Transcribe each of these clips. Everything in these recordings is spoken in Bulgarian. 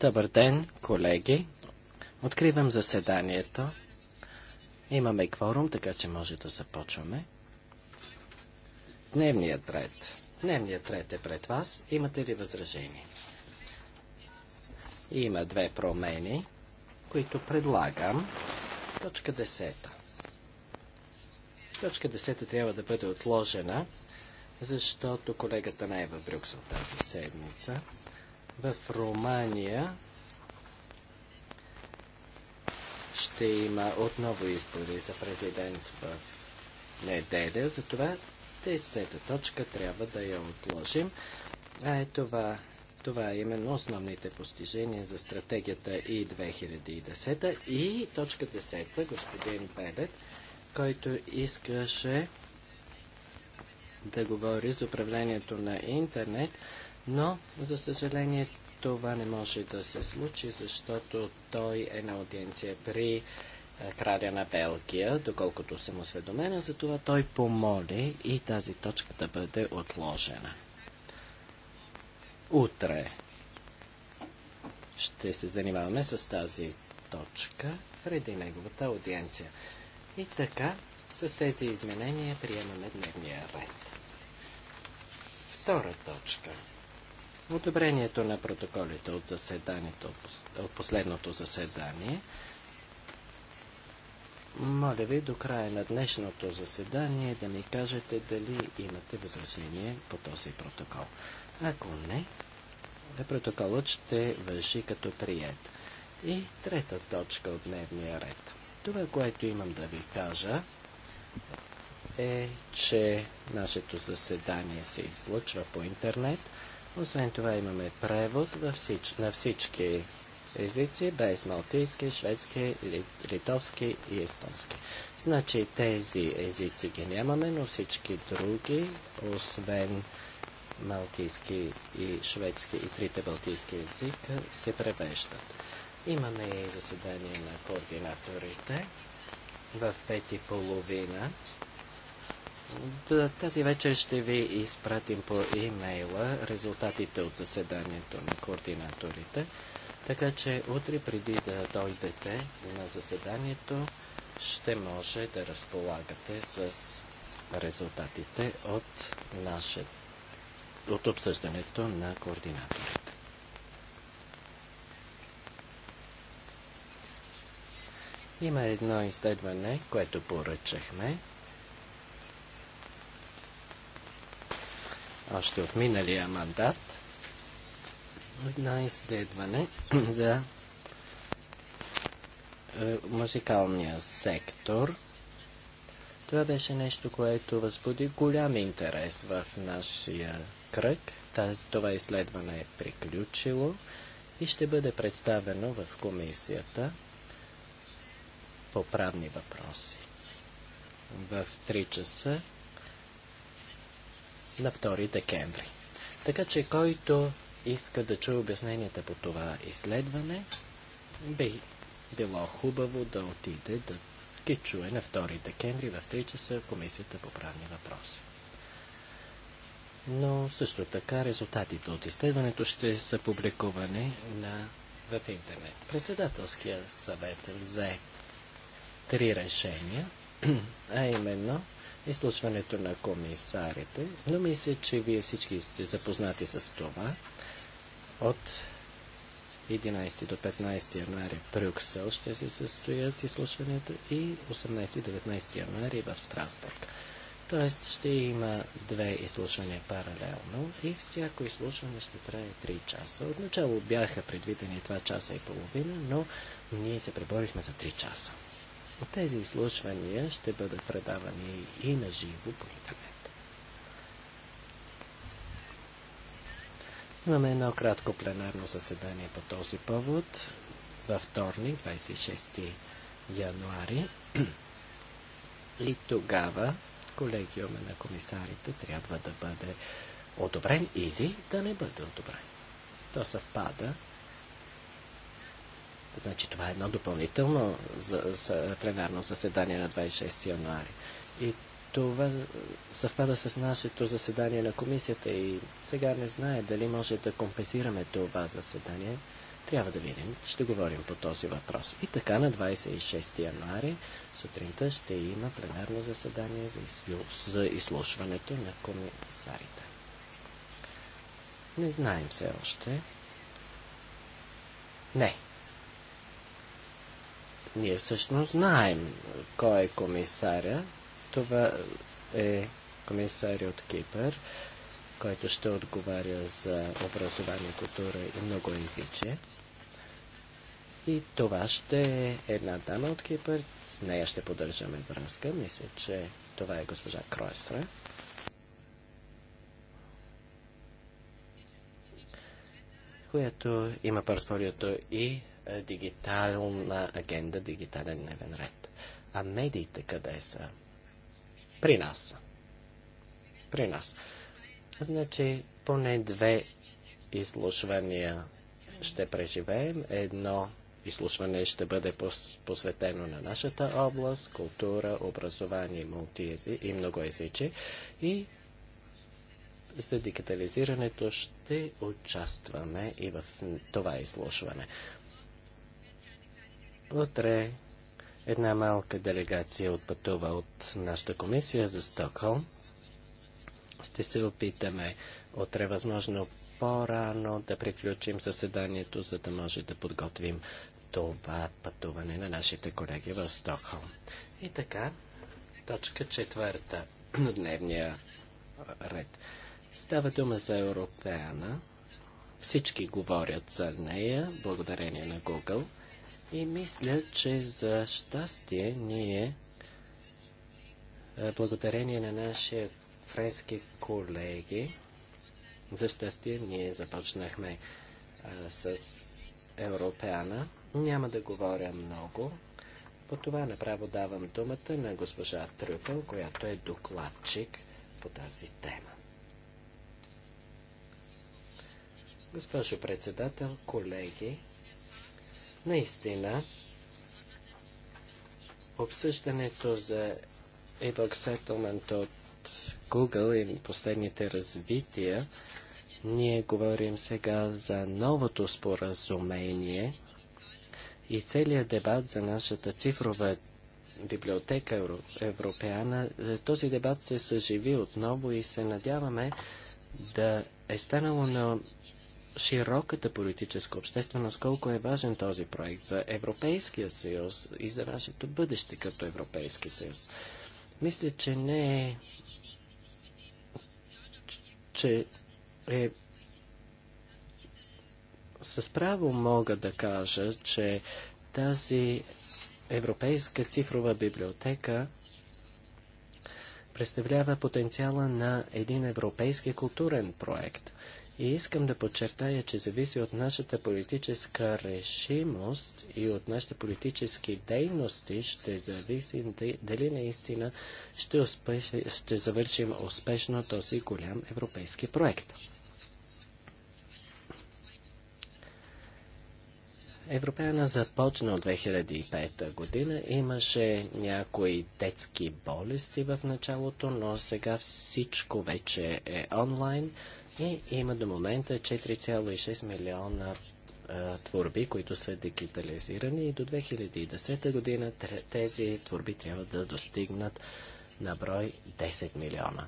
Добър ден, колеги! Откривам заседанието. Имаме кворум, така че може да започваме. Дневният ред. Дневният ред е пред вас. Имате ли възражение? Има две промени, които предлагам. Точка 10. Точка 10 трябва да бъде отложена защото колегата не е в Брюксел тази седмица. В Румъния ще има отново избори за президент в неделя, затова 10 точка трябва да я отложим. А е това, това е именно основните постижения за стратегията и 2010 и точка 10, господин Белет, който искаше да говори за управлението на интернет, но за съжаление това не може да се случи, защото той е на аудиенция при е, краля на Белгия, доколкото съм осведомена, затова той помоли и тази точка да бъде отложена. Утре ще се занимаваме с тази точка преди неговата аудиенция. И така, с тези изменения приемаме дневния ред. Втора точка. Одобрението на протоколите от заседанието, от последното заседание. Моля ви до края на днешното заседание да ми кажете дали имате възражение по този протокол. Ако не, протоколът ще въжи като прият. И трета точка от дневния ред. Това, което имам да ви кажа, е, че нашето заседание се излъчва по интернет. Освен това имаме превод във всич... на всички езици, без малтийски, шведски, литовски и естонски. Значи тези езици ги нямаме, но всички други, освен малтийски и шведски и трите балтийски езика, се превеждат. Имаме и заседание на координаторите в пет и половина тази вечер ще ви изпратим по имейла резултатите от заседанието на координаторите. Така че утре преди да дойдете на заседанието, ще може да разполагате с резултатите от, наше, от обсъждането на координаторите. Има едно изследване, което поръчахме. още от миналия мандат на изследване за е, музикалния сектор. Това беше нещо, което възбуди голям интерес в нашия кръг. това изследване е приключило и ще бъде представено в комисията по правни въпроси. В 3 часа на 2 декември. Така че който иска да чуе обясненията по това изследване, би било хубаво да отиде да ги чуе на 2 декември в 3 часа Комисията по правни въпроси. Но също така резултатите от изследването ще са публикувани на, в интернет. Председателския съвет взе три решения, а именно изслушването на комисарите, но мисля, че вие всички сте запознати с това. От 11 до 15 януари в Брюксел ще се състоят изслушването и 18-19 януари в Страсбург. Тоест ще има две изслушвания паралелно и всяко изслушване ще трае 3 часа. Отначало бяха предвидени 2 часа и половина, но ние се преборихме за 3 часа. Тези изслушвания ще бъдат предавани и на живо по интернет. Имаме едно кратко пленарно заседание по този повод във вторник, 26 януари. И тогава колегиума на комисарите трябва да бъде одобрен или да не бъде одобрен. То съвпада Значи това е едно допълнително за, за пленарно заседание на 26 януари. И това съвпада с нашето заседание на комисията и сега не знае дали може да компенсираме това заседание. Трябва да видим. Ще говорим по този въпрос. И така на 26 януари сутринта ще има пленарно заседание за, изслуш... за изслушването на комисарите. Не знаем все още. Не, ние всъщност знаем е, кой е комисаря. Това е комисаря от Кипър, който ще отговаря за образование, култура и много езиче. И това ще е една дама от Кипър. С нея ще поддържаме връзка. Мисля, че това е госпожа Кройсра. която има портфолиото и е, дигитална агенда, дигитален дневен ред. А медиите къде са? При нас. При нас. Значи, поне две изслушвания ще преживеем. Едно изслушване ще бъде посветено на нашата област, култура, образование, мултиези и многоязичи. И за дигитализирането ще участваме и в това изслушване. Утре една малка делегация отпътува от нашата комисия за Стокхолм. Ще се опитаме утре възможно по-рано да приключим заседанието, за да може да подготвим това пътуване на нашите колеги в Стокхолм. И така, точка четвърта на дневния ред. Става дума за Европеана. Всички говорят за нея, благодарение на Google – и мисля, че за щастие ние, е, благодарение на нашия френски колеги, за щастие ние започнахме а, е, с Европеана. Няма да говоря много. По това направо давам думата на госпожа Трюпел, която е докладчик по тази тема. Госпожо председател, колеги, Наистина, обсъждането за Evox Settlement от Google и последните развития, ние говорим сега за новото споразумение и целият дебат за нашата цифрова библиотека Европеана, този дебат се съживи отново и се надяваме да е станало на широката политическа общественост, колко е важен този проект за Европейския съюз и за нашето бъдеще като Европейски съюз. Мисля, че не е, че е с право мога да кажа, че тази Европейска цифрова библиотека представлява потенциала на един европейски културен проект – и искам да подчертая, че зависи от нашата политическа решимост и от нашите политически дейности, ще зависи дали наистина ще, успеш, ще завършим успешно този голям европейски проект. Европейна започна от 2005 година. Имаше някои детски болести в началото, но сега всичко вече е онлайн. И има до момента 4,6 милиона творби, които са дигитализирани и до 2010 година тези творби трябва да достигнат на брой 10 милиона.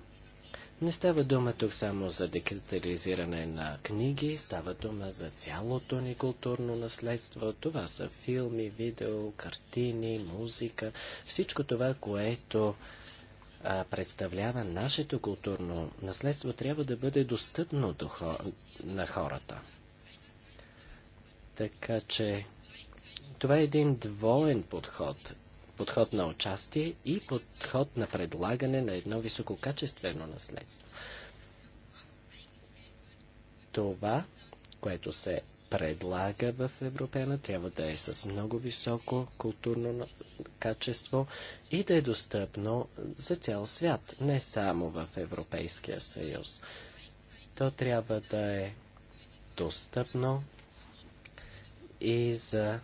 Не става дума тук само за дигитализиране на книги, става дума за цялото ни културно наследство. Това са филми, видео, картини, музика, всичко това, което представлява нашето културно наследство, трябва да бъде достъпно до хо... на хората. Така че това е един двоен подход. Подход на участие и подход на предлагане на едно висококачествено наследство. Това, което се предлага в Европена трябва да е с много високо културно качество и да е достъпно за цял свят, не само в Европейския съюз. То трябва да е достъпно и за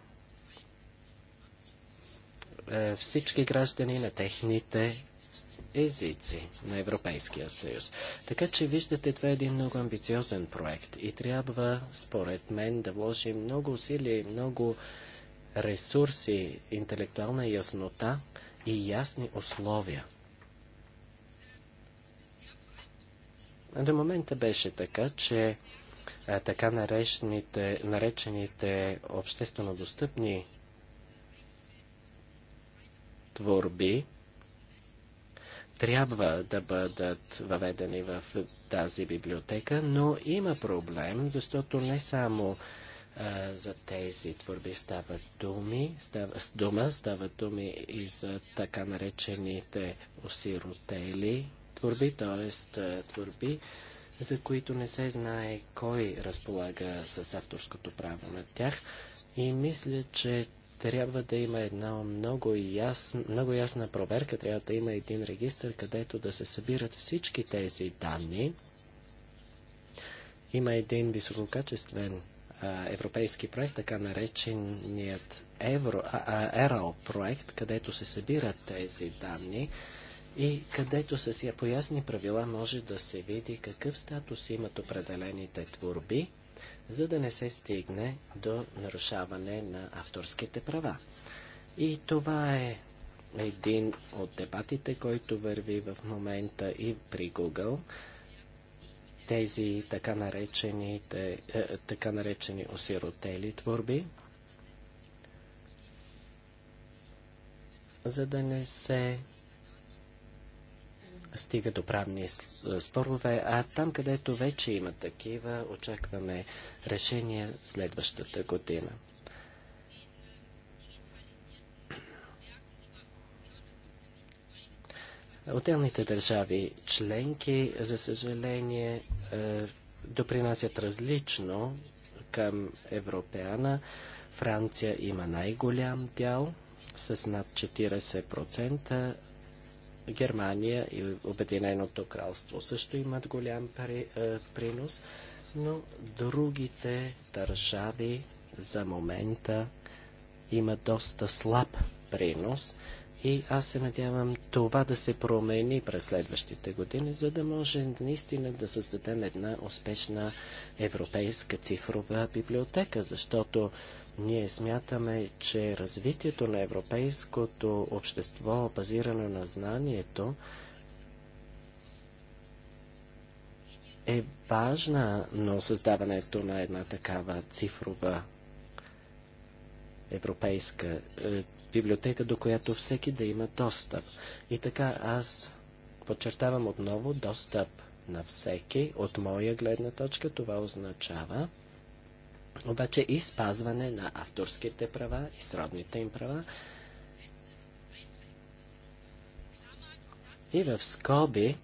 е, всички граждани на техните езици на Европейския съюз. Така че виждате, това е един много амбициозен проект и трябва, според мен, да вложим много усилия и много ресурси, интелектуална яснота и ясни условия. До момента беше така, че а, така наречените, наречените обществено достъпни творби трябва да бъдат въведени в тази библиотека, но има проблем, защото не само а, за тези творби стават думи, става, дума, стават думи и за така наречените осиротели творби, т.е. творби, за които не се знае кой разполага с авторското право на тях. И мисля, че трябва да има една много, ясна, много ясна проверка, трябва да има един регистр, където да се събират всички тези данни. Има един висококачествен а, европейски проект, така нареченият Евро, а, а, ЕРАО проект, където се събират тези данни и където с поясни правила може да се види какъв статус имат определените творби за да не се стигне до нарушаване на авторските права. И това е един от дебатите, който върви в момента и при Google. Тези така наречени, те, е, е, така наречени осиротели творби, за да не се стига до правни е, спорове, а там, където вече има такива, очакваме решение следващата година. Отделните държави членки, за съжаление, е, допринасят различно към Европеана. Франция има най-голям дял с над 40%, Германия и Обединеното кралство също имат голям при, е, принос, но другите държави за момента имат доста слаб принос и аз се надявам това да се промени през следващите години, за да може наистина да създадем една успешна европейска цифрова библиотека, защото ние смятаме, че развитието на европейското общество, базирано на знанието, е важна, но създаването на една такава цифрова европейска е, библиотека, до която всеки да има достъп. И така аз подчертавам отново достъп на всеки. От моя гледна точка това означава обаче и спазване на авторските права и сродните им права. И в скоби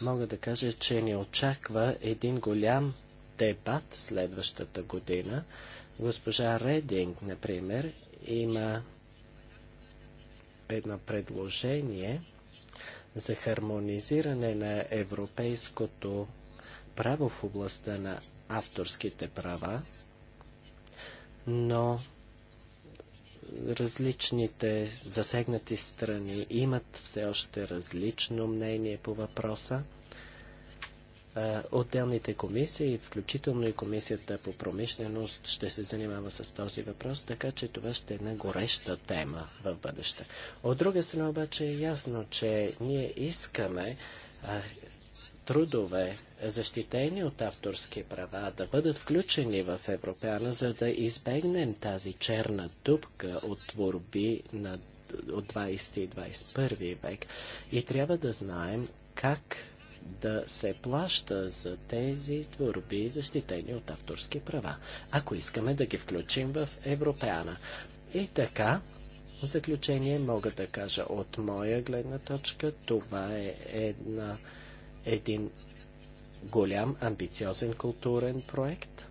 мога да кажа, че ни очаква един голям дебат следващата година. Госпожа Рединг, например, има едно предложение за хармонизиране на европейското право в областта на авторските права, но различните засегнати страни имат все още различно мнение по въпроса. Отделните комисии, включително и комисията по промишленост, ще се занимава с този въпрос, така че това ще е една гореща тема в бъдеще. От друга страна обаче е ясно, че ние искаме трудове защитени от авторски права, да бъдат включени в Европеана, за да избегнем тази черна дупка от творби на, от 20 и 21 век. И трябва да знаем как да се плаща за тези творби, защитени от авторски права, ако искаме да ги включим в Европеана. И така, в заключение мога да кажа от моя гледна точка, това е една, един голям, амбициозен културен проект,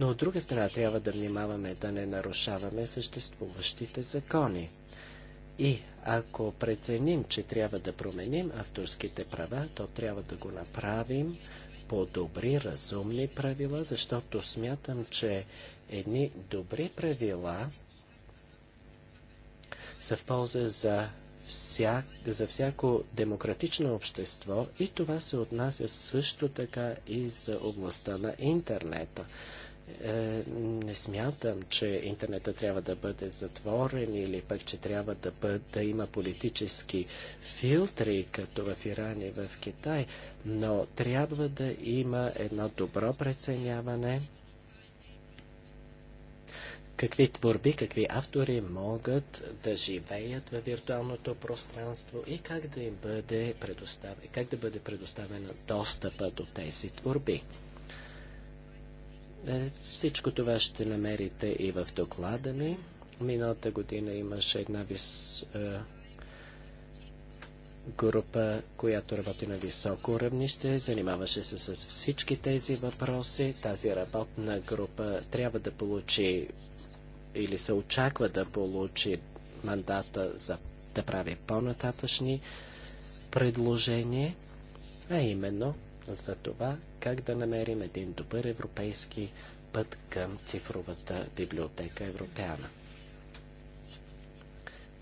но от друга страна трябва да внимаваме да не нарушаваме съществуващите закони. И ако преценим, че трябва да променим авторските права, то трябва да го направим по добри, разумни правила, защото смятам, че едни добри правила са в полза за вся, за всяко демократично общество и това се отнася също така и за областта на интернета. Е, не смятам, че интернета трябва да бъде затворен или пък, че трябва да, бъде, да има политически филтри, като в Иран и в Китай, но трябва да има едно добро преценяване какви творби, какви автори могат да живеят в виртуалното пространство и как да им бъде предоставен, как да бъде предоставен достъпа до тези творби. Е, всичко това ще намерите и в доклада ми. Миналата година имаше една вис... Е, група, която работи на високо равнище, занимаваше се с всички тези въпроси. Тази работна група трябва да получи или се очаква да получи мандата за да прави по-нататъчни предложения, а именно за това как да намерим един добър европейски път към цифровата библиотека Европеана.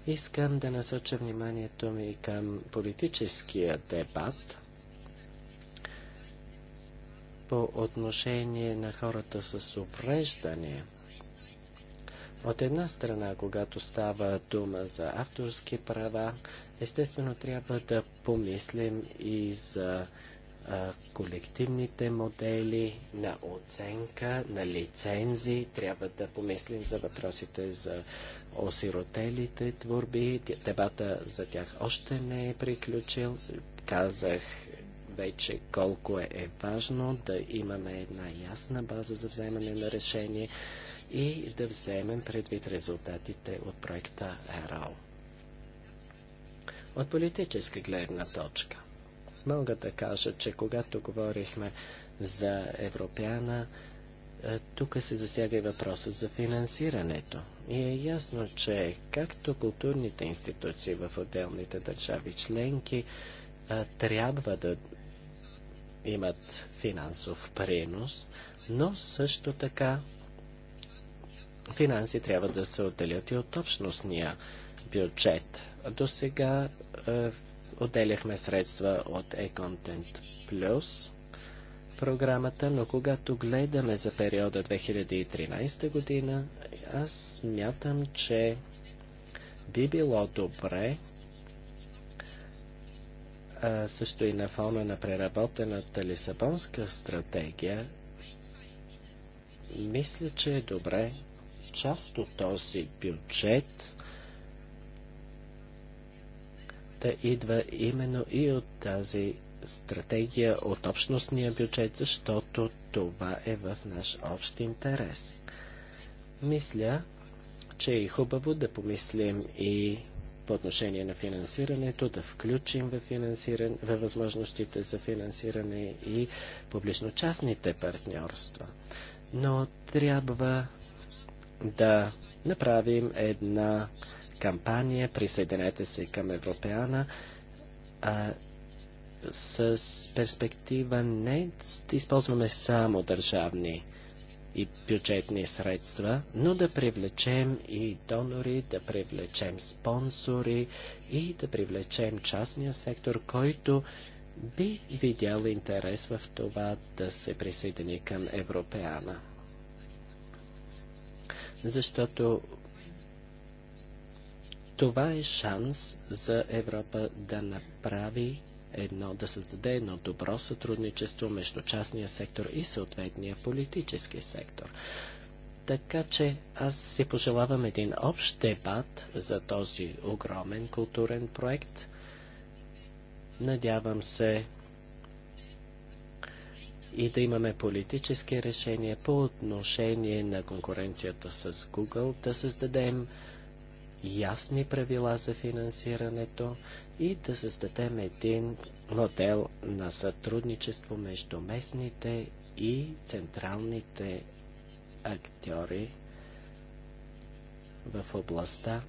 Искам да насоча вниманието ми към политическия дебат по отношение на хората с увреждания – от една страна, когато става дума за авторски права, естествено трябва да помислим и за а, колективните модели на оценка, на лицензи. Трябва да помислим за въпросите за осиротелите творби. Дебата за тях още не е приключил. Казах вече колко е, е важно да имаме една ясна база за вземане на решение и да вземем предвид резултатите от проекта ЕРАО. От политическа гледна точка. Мога да кажа, че когато говорихме за Европеяна, е, тук се засяга и въпроса за финансирането. И е ясно, че както културните институции в отделните държави членки е, трябва да имат финансов принос, но също така финанси трябва да се отделят и от общностния бюджет. До сега е, отделяхме средства от eContent Plus програмата, но когато гледаме за периода 2013 година, аз смятам, че би било добре също и на фона на преработената Лисабонска стратегия, мисля, че е добре част от този бюджет да идва именно и от тази стратегия, от общностния бюджет, защото това е в наш общ интерес. Мисля, че е хубаво да помислим и по отношение на финансирането, да включим в финансиран... в възможностите за финансиране и публично-частните партньорства. Но трябва да направим една кампания Присъединете се към Европеана а, с перспектива не използваме само държавни и бюджетни средства, но да привлечем и донори, да привлечем спонсори и да привлечем частния сектор, който би видял интерес в това да се присъедини към Европеана. Защото това е шанс за Европа да направи едно, да създаде едно добро сътрудничество между частния сектор и съответния политически сектор. Така че аз си пожелавам един общ дебат за този огромен културен проект. Надявам се и да имаме политически решения по отношение на конкуренцията с Google, да създадем ясни правила за финансирането, и да създадем един модел на сътрудничество между местните и централните актьори в областта.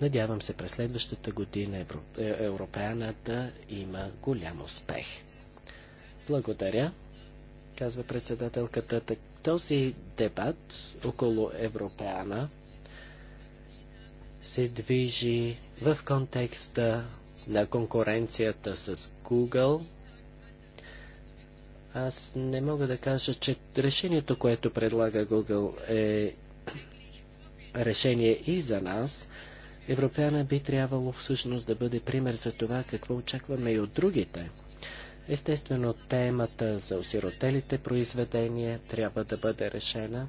Надявам се през следващата година Евро... Е, Европеана да има голям успех. Благодаря, казва председателката. Този дебат около Европеана се движи в контекста на конкуренцията с Google. Аз не мога да кажа, че решението, което предлага Google е решение и за нас. Европеана би трябвало всъщност да бъде пример за това какво очакваме и от другите. Естествено, темата за осиротелите произведения трябва да бъде решена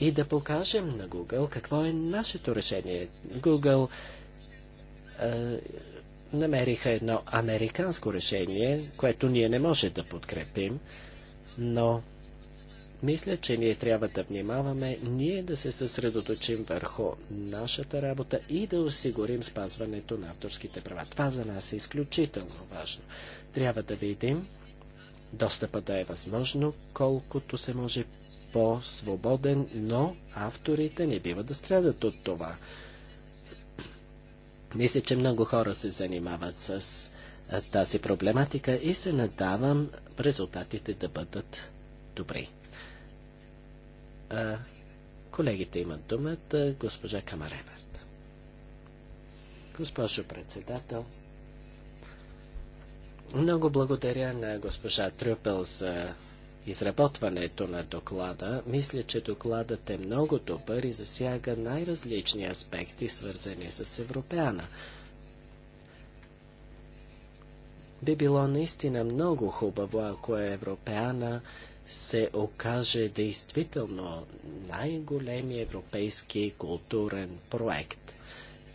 и да покажем на Google какво е нашето решение. Google е, намериха едно американско решение, което ние не може да подкрепим, но мисля, че ние трябва да внимаваме, ние да се съсредоточим върху нашата работа и да осигурим спазването на авторските права. Това за нас е изключително важно. Трябва да видим достъпа да е възможно, колкото се може по-свободен, но авторите не бива да страдат от това. Мисля, че много хора се занимават с тази проблематика и се надавам резултатите да бъдат добри. Колегите имат думата. Госпожа Камаревард. Госпожо председател, много благодаря на госпожа Трюпел за изработването на доклада. Мисля, че докладът е много добър и засяга най-различни аспекти, свързани с Европеана. Би било наистина много хубаво, ако Европеана се окаже действително най-големи европейски културен проект.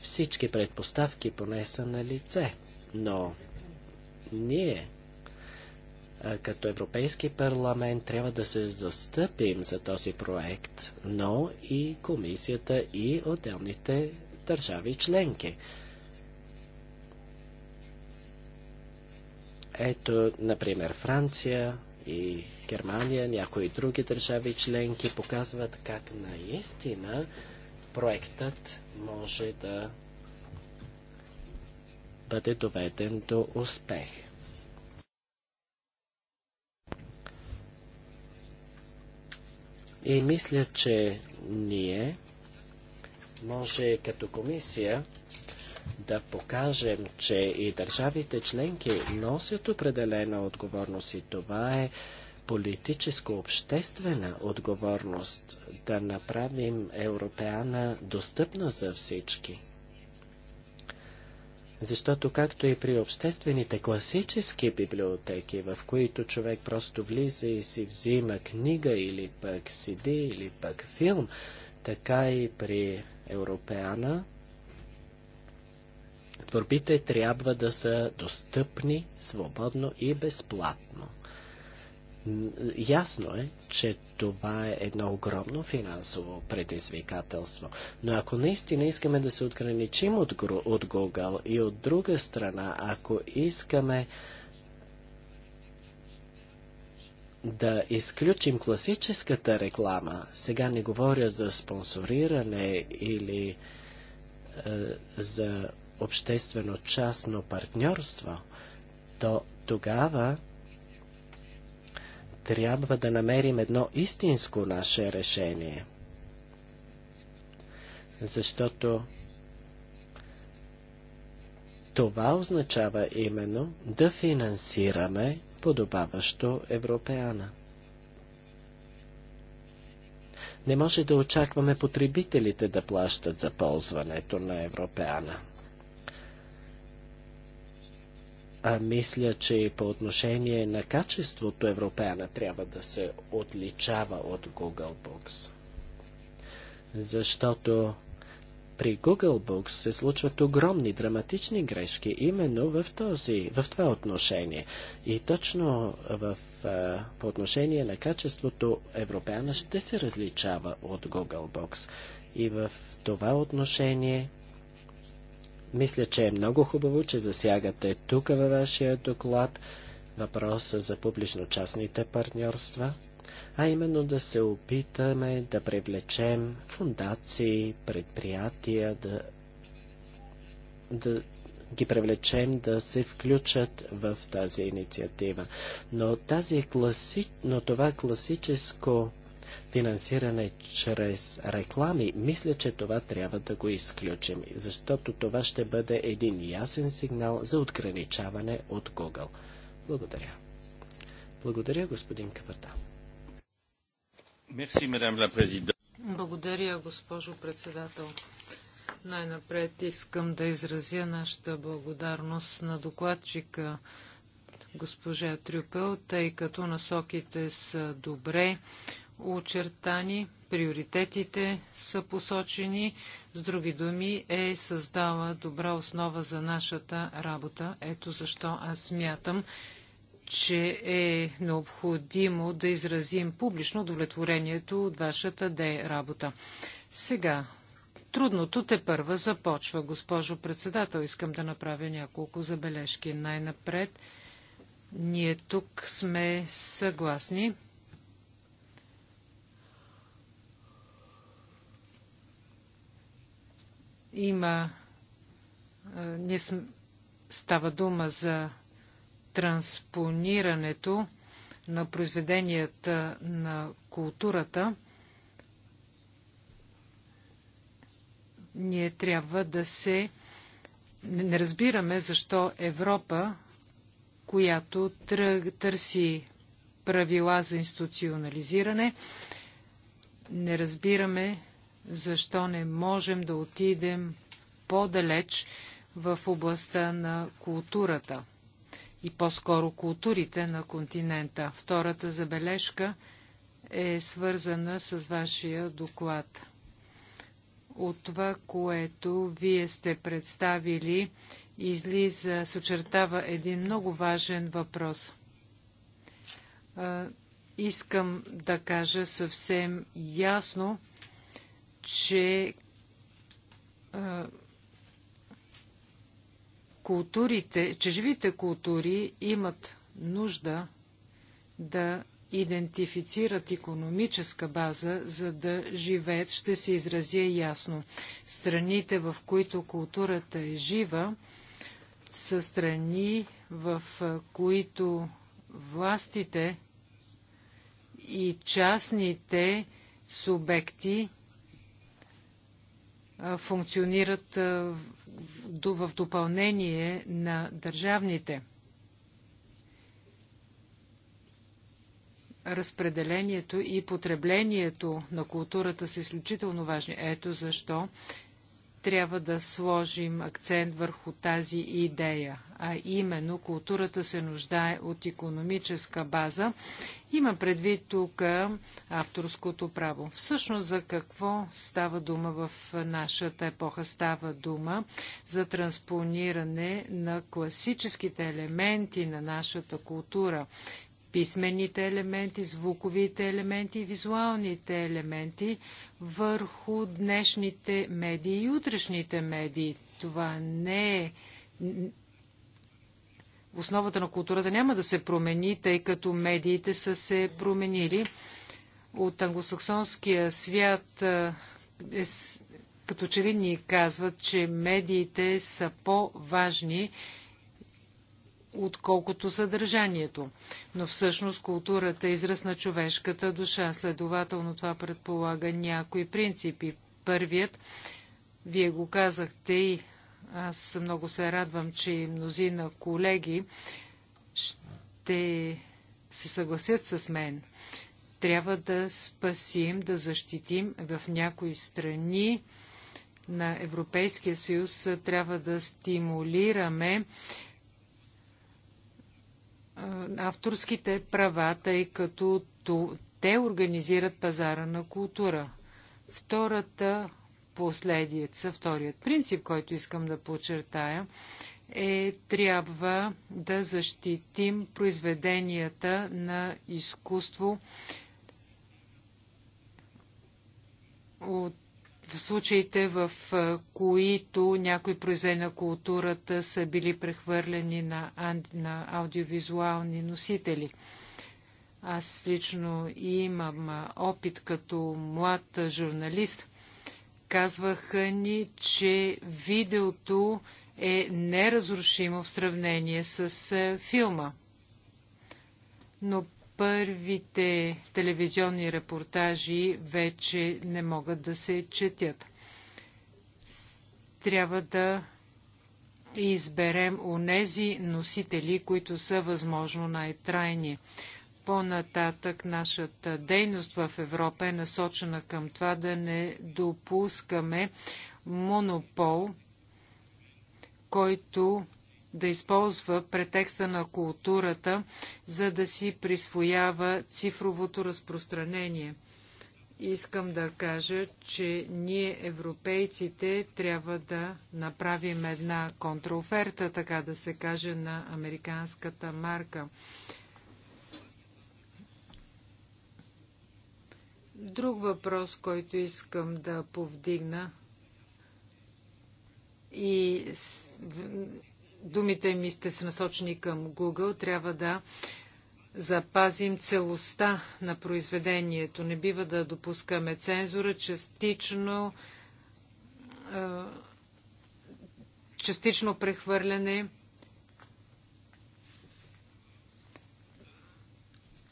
Всички предпоставки поне са на лице, но ние като Европейски парламент трябва да се застъпим за този проект, но и комисията и отделните държави членки. Ето, например, Франция и Германия, някои други държави членки показват как наистина проектът може да бъде доведен до успех. И мисля, че ние може като комисия да покажем, че и държавите членки носят определена отговорност и това е политическо-обществена отговорност да направим Европеана достъпна за всички. Защото както и при обществените класически библиотеки, в които човек просто влиза и си взима книга или пък CD или пък филм, така и при Европеана творбите трябва да са достъпни, свободно и безплатно. Ясно е, че това е едно огромно финансово предизвикателство, но ако наистина искаме да се отграничим от, от Google и от друга страна, ако искаме да изключим класическата реклама, сега не говоря за спонсориране или е, за обществено-частно партньорство, то тогава трябва да намерим едно истинско наше решение. Защото това означава именно да финансираме подобаващо европеана. Не може да очакваме потребителите да плащат за ползването на европеана – а мисля, че и по отношение на качеството Европеана трябва да се отличава от Google Books. Защото при Google Books се случват огромни драматични грешки именно в, този, в това отношение. И точно в, по отношение на качеството Европеана ще се различава от Google Books. И в това отношение мисля, че е много хубаво, че засягате тук във вашия доклад въпроса за публично-частните партньорства, а именно да се опитаме да привлечем фундации, предприятия, да, да ги привлечем да се включат в тази инициатива. Но, тази класи... Но това класическо финансиране чрез реклами, мисля, че това трябва да го изключим, защото това ще бъде един ясен сигнал за отграничаване от Google. Благодаря. Благодаря, господин Капарта. Благодаря, госпожо председател. Най-напред искам да изразя нашата благодарност на докладчика госпожа Трюпел, тъй като насоките са добре очертани, приоритетите са посочени. С други думи, е създала добра основа за нашата работа. Ето защо аз смятам, че е необходимо да изразим публично удовлетворението от вашата де работа. Сега, трудното те първа започва, госпожо председател. Искам да направя няколко забележки. Най-напред, ние тук сме съгласни Има. Ние става дума за транспонирането на произведенията на културата. Ние трябва да се. Не разбираме защо Европа, която търси правила за институционализиране, не разбираме защо не можем да отидем по-далеч в областта на културата и по-скоро културите на континента. Втората забележка е свързана с вашия доклад. От това, което вие сте представили, излиза, се очертава един много важен въпрос. Искам да кажа съвсем ясно, че а, културите, че живите култури имат нужда да идентифицират економическа база, за да живеят, ще се изразя ясно. Страните, в които културата е жива, са страни, в които властите и частните субекти функционират в допълнение на държавните. Разпределението и потреблението на културата са изключително важни. Ето защо трябва да сложим акцент върху тази идея, а именно културата се нуждае от економическа база. Има предвид тук авторското право. Всъщност за какво става дума в нашата епоха? Става дума за транспониране на класическите елементи на нашата култура писмените елементи, звуковите елементи и визуалните елементи върху днешните медии и утрешните медии. Това не е. Основата на културата няма да се промени, тъй като медиите са се променили. От англосаксонския свят е, като че ли ни казват, че медиите са по-важни отколкото съдържанието. Но всъщност културата е израз на човешката душа. Следователно това предполага някои принципи. Първият, вие го казахте и аз много се радвам, че и мнозина колеги ще се съгласят с мен. Трябва да спасим, да защитим в някои страни на Европейския съюз, трябва да стимулираме авторските права, тъй като те организират пазара на култура. Втората последица, вторият принцип, който искам да подчертая, е трябва да защитим произведенията на изкуство от в случаите, в които някои произведения на културата са били прехвърлени на, на аудиовизуални носители. Аз лично имам опит като млад журналист. Казваха ни, че видеото е неразрушимо в сравнение с филма. Но Първите телевизионни репортажи вече не могат да се четят. Трябва да изберем онези носители, които са възможно най-трайни. По-нататък нашата дейност в Европа е насочена към това да не допускаме монопол, който да използва претекста на културата, за да си присвоява цифровото разпространение. Искам да кажа, че ние, европейците, трябва да направим една контраоферта, така да се каже, на американската марка. Друг въпрос, който искам да повдигна и думите ми сте се насочени към Google. Трябва да запазим целостта на произведението. Не бива да допускаме цензура, частично, е, частично прехвърляне.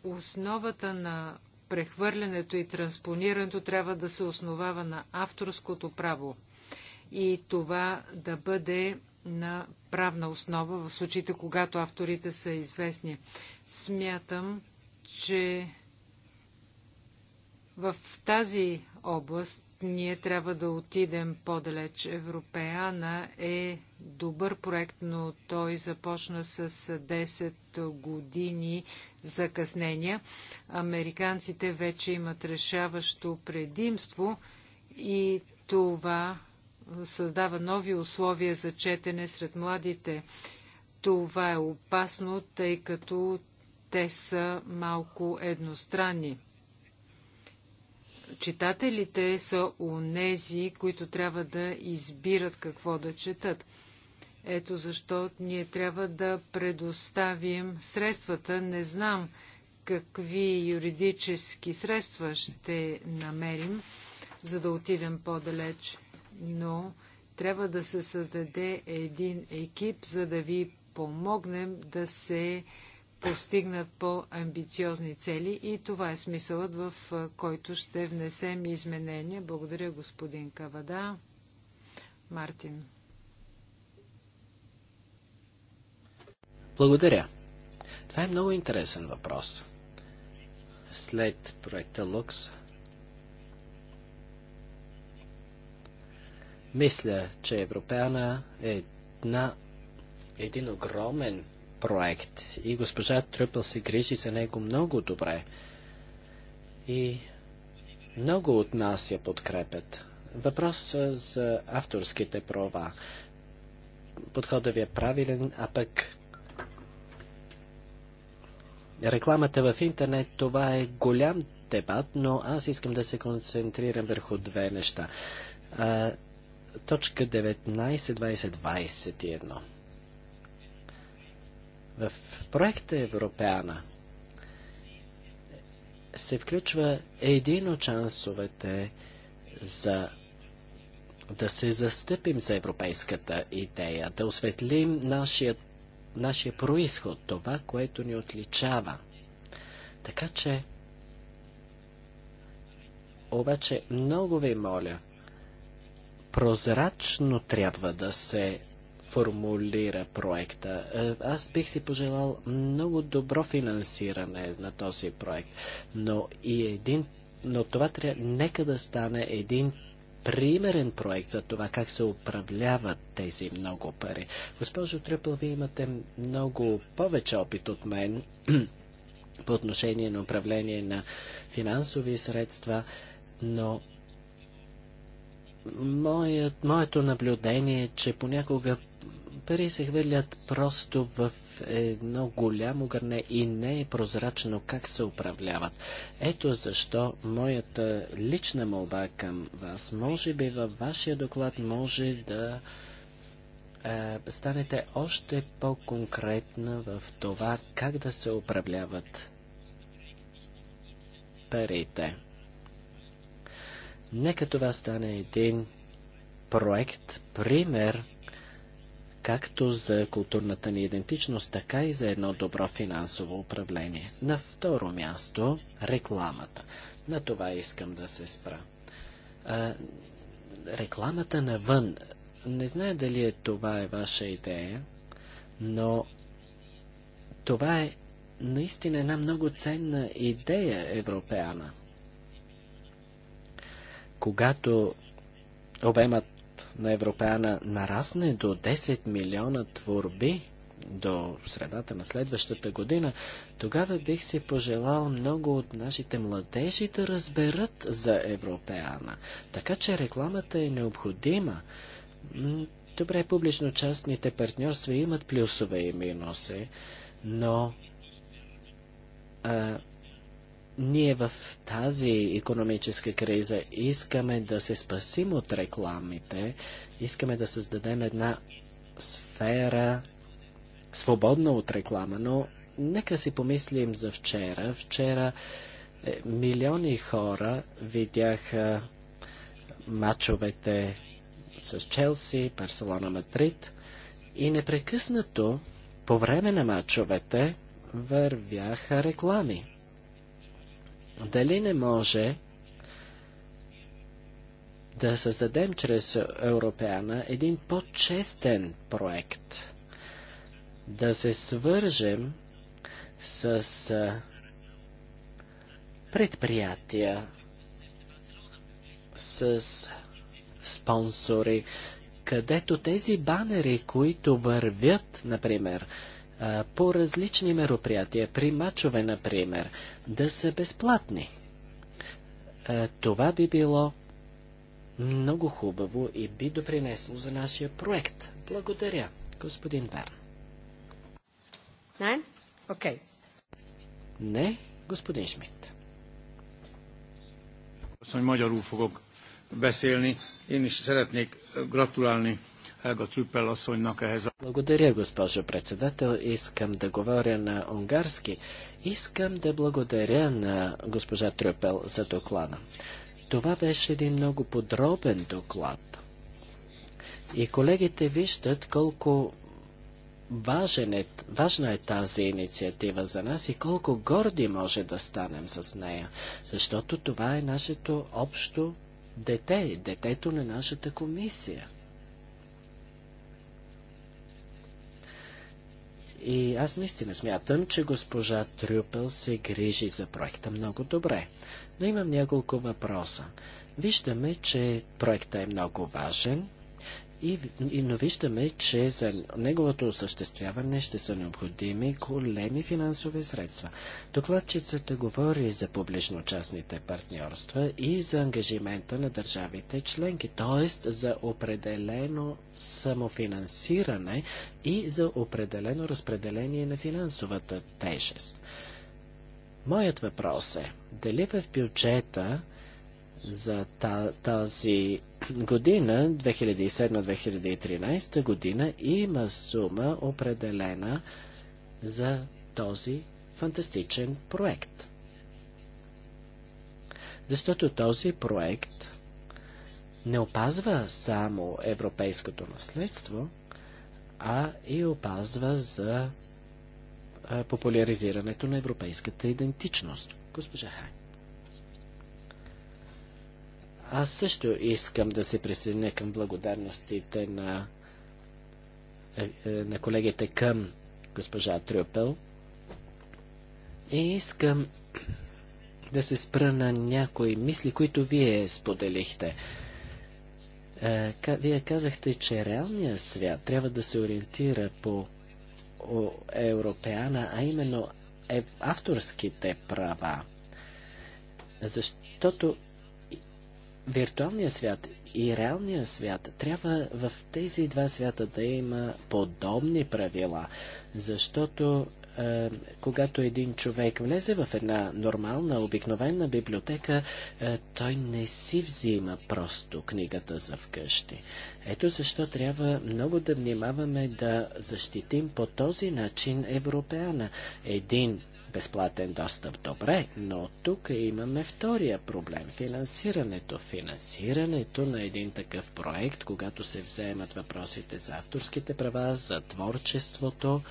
Основата на прехвърлянето и транспонирането трябва да се основава на авторското право и това да бъде на правна основа в случаите, когато авторите са известни. Смятам, че в тази област ние трябва да отидем по-далеч. Европеана е добър проект, но той започна с 10 години закъснения. Американците вече имат решаващо предимство и това създава нови условия за четене сред младите. Това е опасно, тъй като те са малко едностранни. Читателите са онези, които трябва да избират какво да четат. Ето защо ние трябва да предоставим средствата. Не знам какви юридически средства ще намерим, за да отидем по-далеч но трябва да се създаде един екип, за да ви помогнем да се постигнат по-амбициозни цели и това е смисълът, в който ще внесем изменения. Благодаря, господин Кавада. Мартин. Благодаря. Това е много интересен въпрос. След проекта Лукс Мисля, че Европеана е една, един огромен проект и госпожа Трюпъл се грижи за него много добре. И много от нас я подкрепят. Въпрос за авторските права. Подходът ви е правилен, а пък рекламата в интернет, това е голям дебат, но аз искам да се концентрирам върху две неща. Точка 19.20.21 В проекта Европеана се включва един от шансовете за да се застъпим за европейската идея, да осветлим нашия, нашия происход, това, което ни отличава. Така че, обаче, много ви моля – прозрачно трябва да се формулира проекта. Е, аз бих си пожелал много добро финансиране на този проект, но и един, но това трябва, нека да стане един примерен проект за това как се управляват тези много пари. Госпожо Тръпъл, вие имате много повече опит от мен по отношение на управление на финансови средства, но моят, моето наблюдение е, че понякога пари се хвърлят просто в едно голямо гърне и не е прозрачно как се управляват. Ето защо моята лична молба към вас, може би във вашия доклад може да е, станете още по-конкретна в това как да се управляват парите. Нека това стане един проект, пример, както за културната ни идентичност, така и за едно добро финансово управление. На второ място – рекламата. На това искам да се спра. А, рекламата навън. Не знае дали е, това е ваша идея, но това е наистина една много ценна идея европеана – когато обемът на Европеана нарасне до 10 милиона творби до средата на следващата година, тогава бих си пожелал много от нашите младежи да разберат за Европеана. Така че рекламата е необходима. Добре, публично-частните партньорства имат плюсове и минуси, но а, ние в тази економическа криза искаме да се спасим от рекламите, искаме да създадем една сфера свободна от реклама, но нека си помислим за вчера. Вчера е, милиони хора видяха мачовете с Челси, Барселона, Матрид, и непрекъснато по време на мачовете вървяха реклами. Дали не може да създадем чрез Европеана един по-честен проект? Да се свържем с предприятия, с спонсори, където тези банери, които вървят, например, по различни мероприятия, при мачове, например, да са безплатни. това би било много хубаво и би допринесло за нашия проект. Благодаря, господин Верн. Не? Окей. Не, господин Шмидт. Господин magyarul fogok beszélni. Én is szeretnék gratulálni благодаря, госпожо председател. Искам да говоря на унгарски. Искам да благодаря на госпожа Трюпел за доклада. Това беше един много подробен доклад. И колегите виждат колко важен е, важна е тази инициатива за нас и колко горди може да станем с нея, защото това е нашето общо дете, детето на нашата комисия. И аз наистина смятам, че госпожа Трюпел се грижи за проекта много добре. Но имам няколко въпроса. Виждаме, че проектът е много важен, и, и но виждаме, че за неговото осъществяване ще са необходими големи финансови средства. Докладчицата говори за публично-частните партньорства и за ангажимента на държавите членки, т.е. за определено самофинансиране и за определено разпределение на финансовата тежест. Моят въпрос е, дали в бюджета за тази година, 2007-2013 година, има сума определена за този фантастичен проект. Защото този проект не опазва само европейското наследство, а и опазва за популяризирането на европейската идентичност. Госпожа Хайн. Аз също искам да се присъединя към благодарностите на, е, е, на колегите към госпожа Трюпел. И искам да се спра на някои мисли, които вие споделихте. Е, вие казахте, че реалният свят трябва да се ориентира по Европеана, а именно авторските права. Защото виртуалния свят и реалния свят, трябва в тези два свята да има подобни правила, защото е, когато един човек влезе в една нормална, обикновена библиотека, е, той не си взима просто книгата за вкъщи. Ето защо трябва много да внимаваме да защитим по този начин европеана. Един безплатен достъп. Добре, но тук имаме втория проблем – финансирането. Финансирането на един такъв проект, когато се вземат въпросите за авторските права, за творчеството,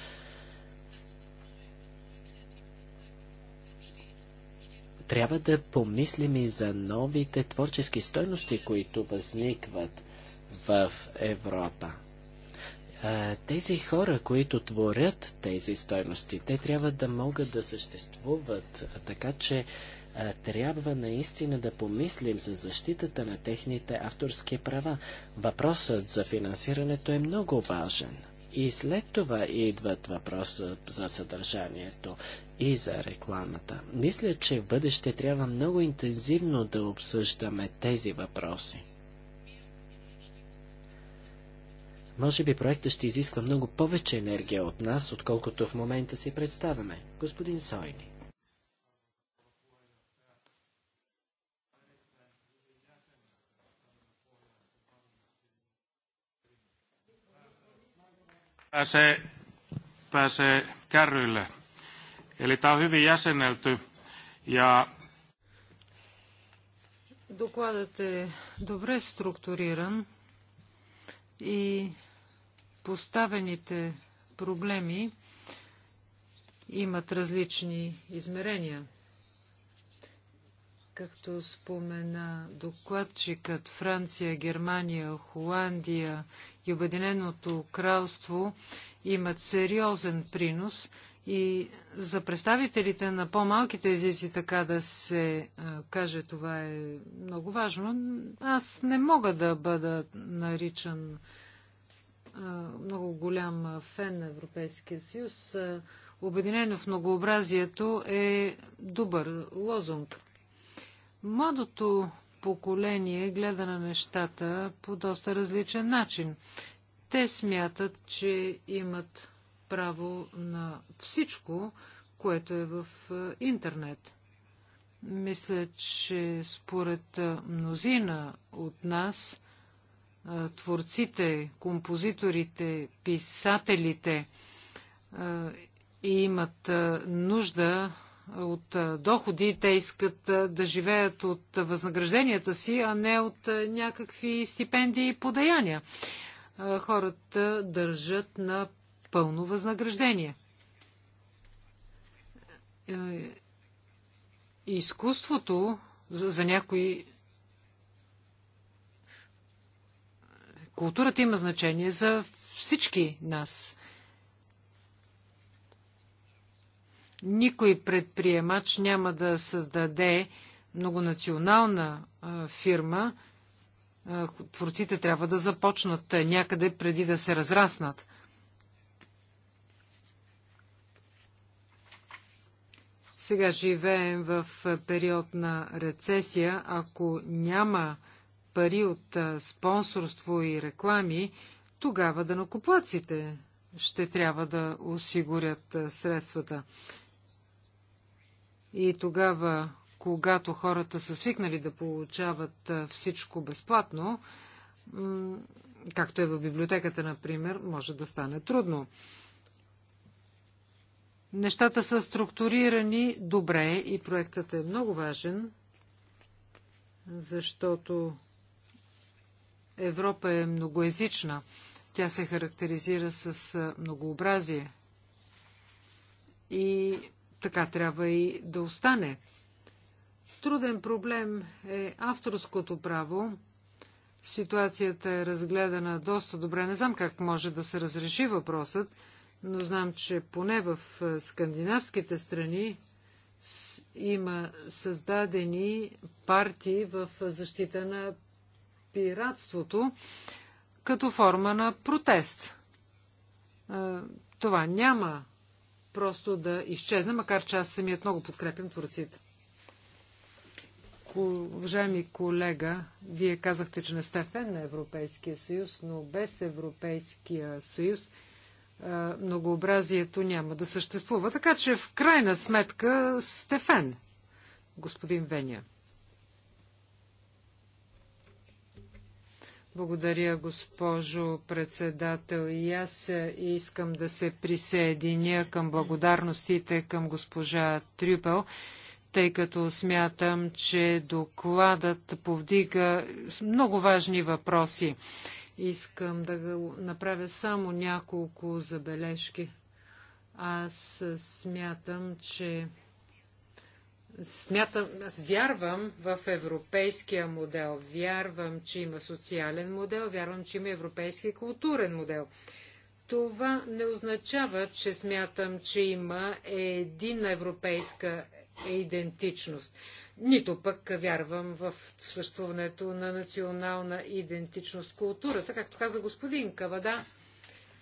трябва да помислим и за новите творчески стойности, които възникват в Европа тези хора, които творят тези стойности, те трябва да могат да съществуват, така че трябва наистина да помислим за защитата на техните авторски права. Въпросът за финансирането е много важен. И след това идват въпроса за съдържанието и за рекламата. Мисля, че в бъдеще трябва много интензивно да обсъждаме тези въпроси. Може би проектът ще изисква много повече енергия от нас, отколкото в момента си представяме. Господин Сойни. pääsee, pääsee kärryille. Eli tämä on hyvin jäsennelty ja Докладът е добре структуриран и поставените проблеми имат различни измерения. Както спомена докладчикът, Франция, Германия, Холандия и Обединеното кралство имат сериозен принос и за представителите на по-малките езици, така да се каже, това е много важно. Аз не мога да бъда наричан много голям фен на Европейския съюз. Обединено в многообразието е добър лозунг. Младото поколение гледа на нещата по доста различен начин. Те смятат, че имат право на всичко, което е в е, интернет. Мисля, че според е, мнозина от нас, е, творците, композиторите, писателите имат нужда от доходи, те искат да живеят от възнагражденията си, а не от някакви стипендии и подаяния. Хората държат на пълно възнаграждение. Е, изкуството за, за някои. Културата има значение за всички нас. Никой предприемач няма да създаде многонационална а, фирма. А, творците трябва да започнат някъде преди да се разраснат. Сега живеем в период на рецесия. Ако няма пари от спонсорство и реклами, тогава да накупаците ще трябва да осигурят средствата. И тогава, когато хората са свикнали да получават всичко безплатно, както е в библиотеката, например, може да стане трудно. Нещата са структурирани добре и проектът е много важен, защото Европа е многоезична. Тя се характеризира с многообразие. И така трябва и да остане. Труден проблем е авторското право. Ситуацията е разгледана доста добре. Не знам как може да се разреши въпросът но знам, че поне в скандинавските страни има създадени партии в защита на пиратството като форма на протест. Това няма просто да изчезне, макар че аз самият много подкрепям творците. Уважаеми колега, вие казахте, че не сте фен на Европейския съюз, но без Европейския съюз е, многообразието няма да съществува. Така че в крайна сметка сте фен, господин Веня. Благодаря, госпожо председател. И аз искам да се присъединя към благодарностите към госпожа Трюпел, тъй като смятам, че докладът повдига много важни въпроси. Искам да направя само няколко забележки. Аз смятам, че смятам, аз вярвам в европейския модел, вярвам, че има социален модел, вярвам, че има европейски културен модел. Това не означава, че смятам, че има единна европейска идентичност нито пък вярвам в съществуването на национална идентичност. Културата, както каза господин Кавада,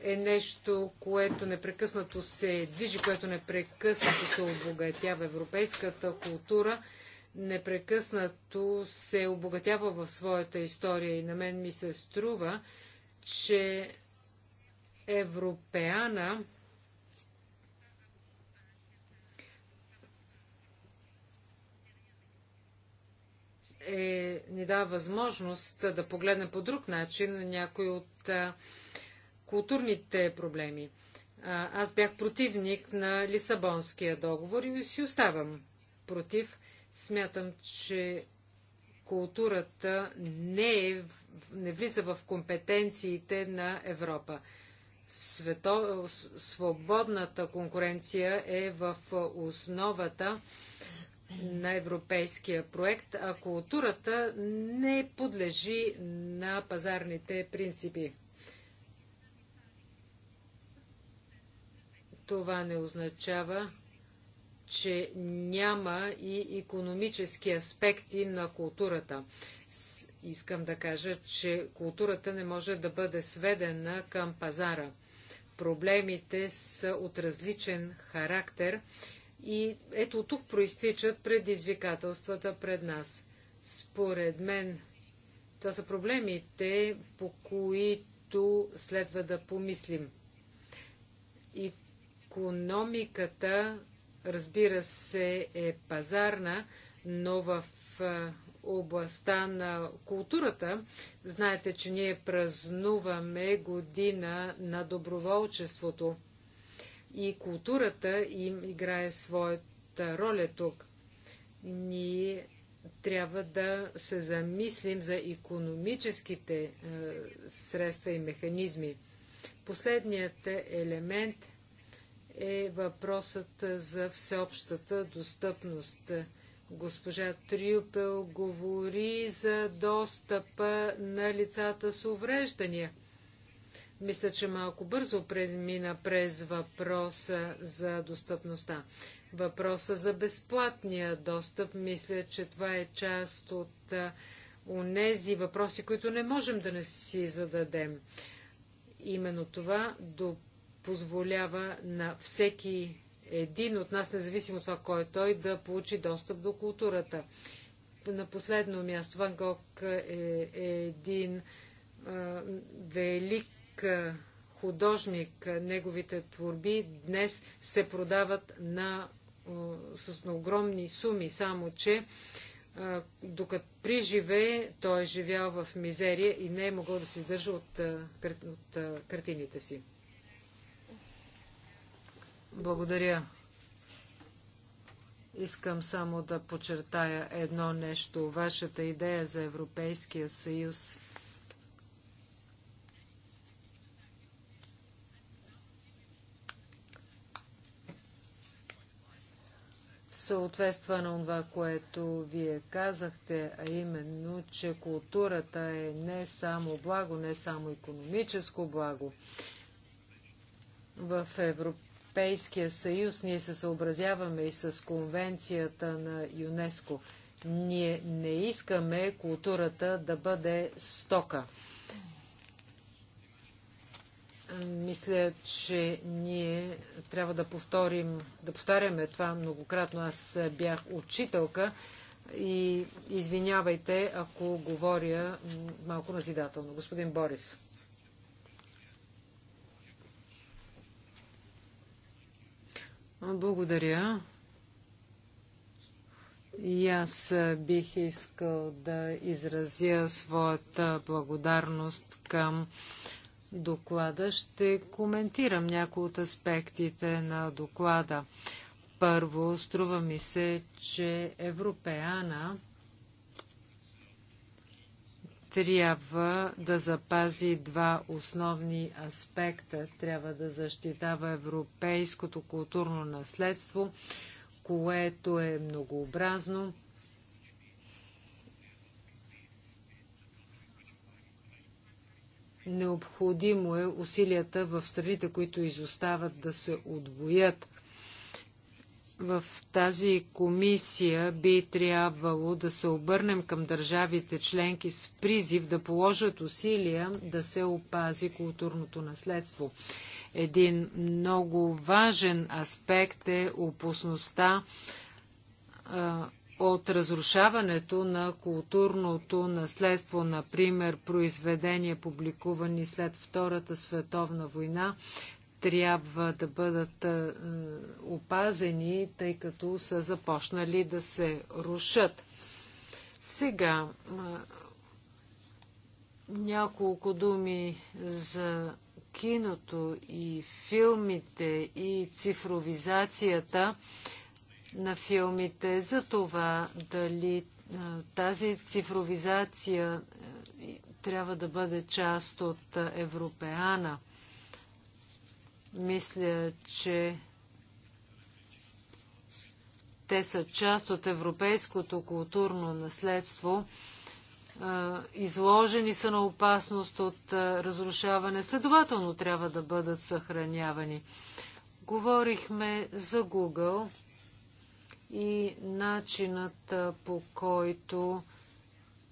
е нещо, което непрекъснато се движи, което непрекъснато се обогатява. Европейската култура непрекъснато се обогатява в своята история и на мен ми се струва, че европеана е, ни дава възможност да погледне по друг начин на някои от а, културните проблеми. А, аз бях противник на Лисабонския договор и си оставам против. Смятам, че културата не, е, не влиза в компетенциите на Европа. Свето, свободната конкуренция е в основата на европейския проект, а културата не подлежи на пазарните принципи. Това не означава, че няма и економически аспекти на културата. Искам да кажа, че културата не може да бъде сведена към пазара. Проблемите са от различен характер и ето тук проистичат предизвикателствата пред нас. Според мен, това са проблемите, по които следва да помислим. Икономиката, разбира се, е пазарна, но в областта на културата. Знаете, че ние празнуваме година на доброволчеството и културата им играе своята роля тук. Ние трябва да се замислим за економическите е, средства и механизми. Последният елемент е въпросът за всеобщата достъпност. Госпожа Трюпел говори за достъпа на лицата с увреждания – мисля, че малко бързо премина през въпроса за достъпността. Въпроса за безплатния достъп, мисля, че това е част от онези въпроси, които не можем да не си зададем. Именно това позволява на всеки един от нас, независимо от това кой е той, да получи достъп до културата. На последно място Ван Гог е, е един велик велик художник, неговите творби днес се продават на, с на огромни суми, само че докато приживе, той е живял в мизерия и не е могъл да се издържа от, от, от картините си. Благодаря. Искам само да подчертая едно нещо. Вашата идея за Европейския съюз съответства на това, което вие казахте, а именно, че културата е не само благо, не само економическо благо. В Европейския съюз ние се съобразяваме и с конвенцията на ЮНЕСКО. Ние не искаме културата да бъде стока. Мисля, че ние трябва да повторим, да повтаряме това многократно. Аз бях учителка и извинявайте, ако говоря малко назидателно. Господин Борис. Благодаря. И аз бих искал да изразя своята благодарност към доклада ще коментирам някои от аспектите на доклада. Първо, струва ми се, че Европеана трябва да запази два основни аспекта. Трябва да защитава европейското културно наследство, което е многообразно Необходимо е усилията в страните, които изостават да се отвоят. В тази комисия би трябвало да се обърнем към държавите членки с призив да положат усилия да се опази културното наследство. Един много важен аспект е опасността от разрушаването на културното наследство, например произведения, публикувани след Втората световна война, трябва да бъдат опазени, тъй като са започнали да се рушат. Сега няколко думи за киното и филмите и цифровизацията на филмите, за това дали тази цифровизация е, трябва да бъде част от Европеана. Мисля, че те са част от европейското културно наследство. Изложени са на опасност от разрушаване, следователно трябва да бъдат съхранявани. Говорихме за Google и начинът по който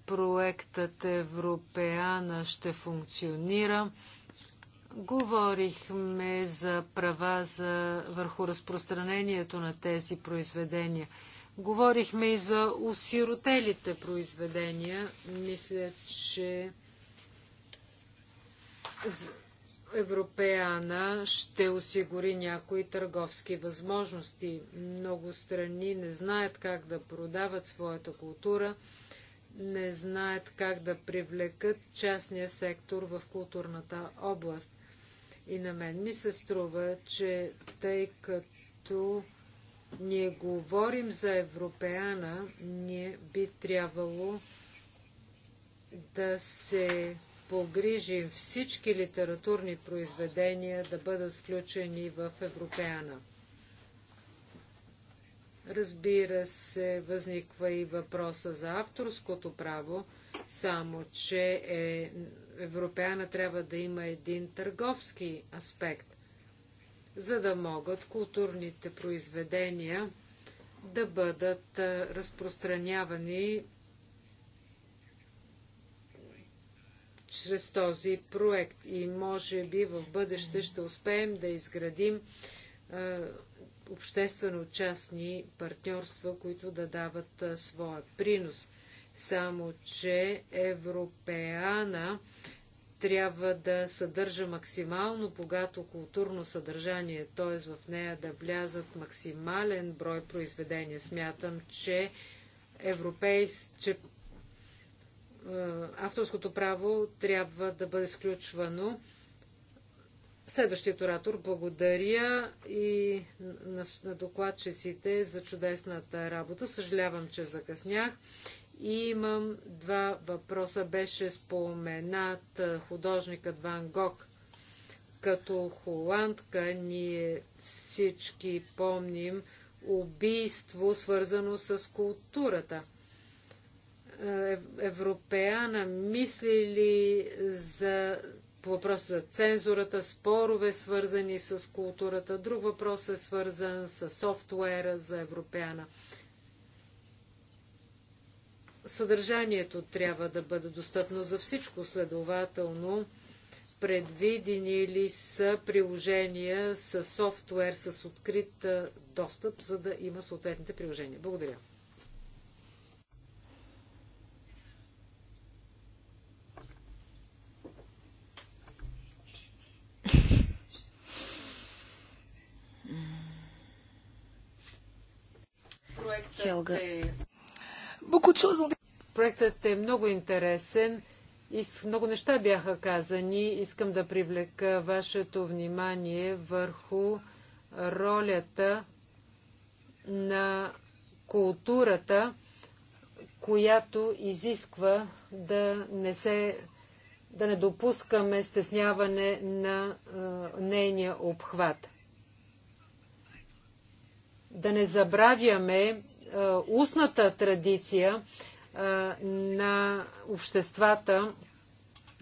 проектът Европеана ще функционира. Говорихме за права за, върху разпространението на тези произведения. Говорихме и за осиротелите произведения. Мисля, че Европеана ще осигури някои търговски възможности. Много страни не знаят как да продават своята култура, не знаят как да привлекат частния сектор в културната област. И на мен ми се струва, че тъй като ние говорим за Европеана, ние би трябвало да се погрижим всички литературни произведения да бъдат включени в Европеана. Разбира се, възниква и въпроса за авторското право, само че е, Европеана трябва да има един търговски аспект, за да могат културните произведения да бъдат разпространявани чрез този проект и може би в бъдеще ще успеем да изградим е, обществено-частни партньорства, които да дават е, своя принос. Само, че Европеана трябва да съдържа максимално богато културно съдържание, т.е. в нея да влязат максимален брой произведения. Смятам, че европейс, че е, авторското право трябва да бъде сключвано. Следващият оратор благодаря и на, на докладчиците за чудесната работа. Съжалявам, че закъснях. И имам два въпроса. Беше споменат е, художникът Ван Гог. Като холандка ние всички помним убийство, свързано с културата – е, европеана мисли ли за въпроса за цензурата, спорове свързани с културата. Друг въпрос е свързан с софтуера за Европеана. Съдържанието трябва да бъде достъпно за всичко, следователно предвидени ли са приложения с софтуер с открит достъп, за да има съответните приложения. Благодаря. Хелга. Проектът е много интересен. Много неща бяха казани. Искам да привлека вашето внимание върху ролята на културата, която изисква да не се да не допускаме стесняване на е, нейния обхват. Да не забравяме е, устната традиция е, на обществата,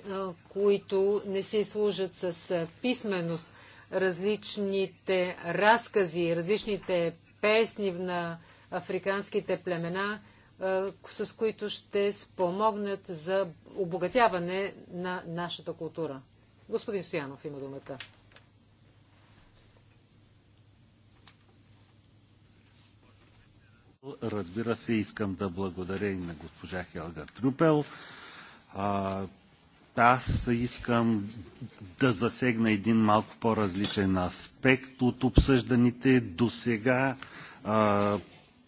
е, които не си служат с писменост. Различните разкази, различните песни на африканските племена, с които ще спомогнат за обогатяване на нашата култура. Господин Стоянов има думата. Разбира се, искам да благодаря и на госпожа Хелга Трюпел. А, аз искам да засегна един малко по-различен аспект от обсъжданите до сега.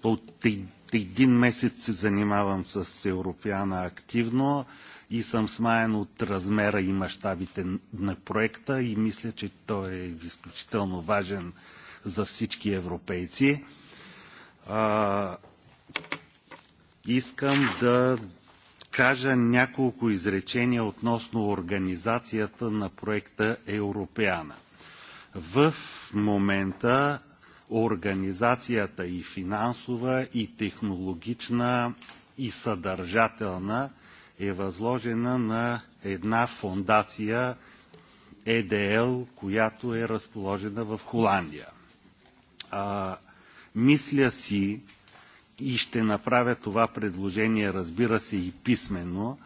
От един месец се занимавам с Европеана активно и съм смаян от размера и мащабите на проекта и мисля, че той е изключително важен за всички европейци. А, искам да кажа няколко изречения относно организацията на проекта Европеана. В момента организацията и финансова, и технологична, и съдържателна е възложена на една фондация ЕДЛ, която е разположена в Холандия. А, мисля си и ще направя това предложение, разбира се, и писменно.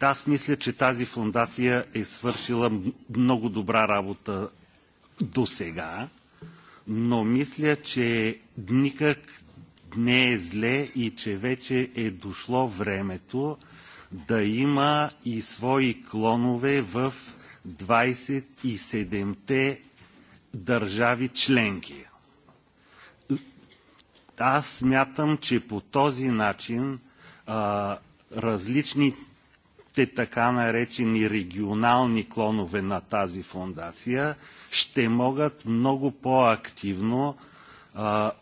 Аз мисля, че тази фундация е свършила много добра работа до сега, но мисля, че никак не е зле и че вече е дошло времето да има и свои клонове в 27-те държави членки. Аз смятам, че по този начин а, различните така наречени регионални клонове на тази фундация ще могат много по-активно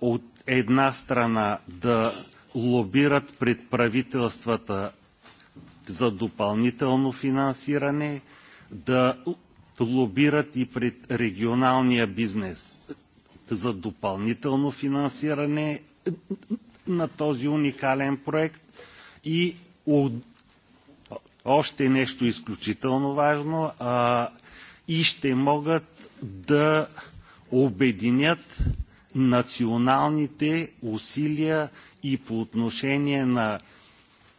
от една страна да лобират пред правителствата за допълнително финансиране, да лобират и пред регионалния бизнес за допълнително финансиране на този уникален проект и още нещо изключително важно а, и ще могат да обединят националните усилия и по отношение на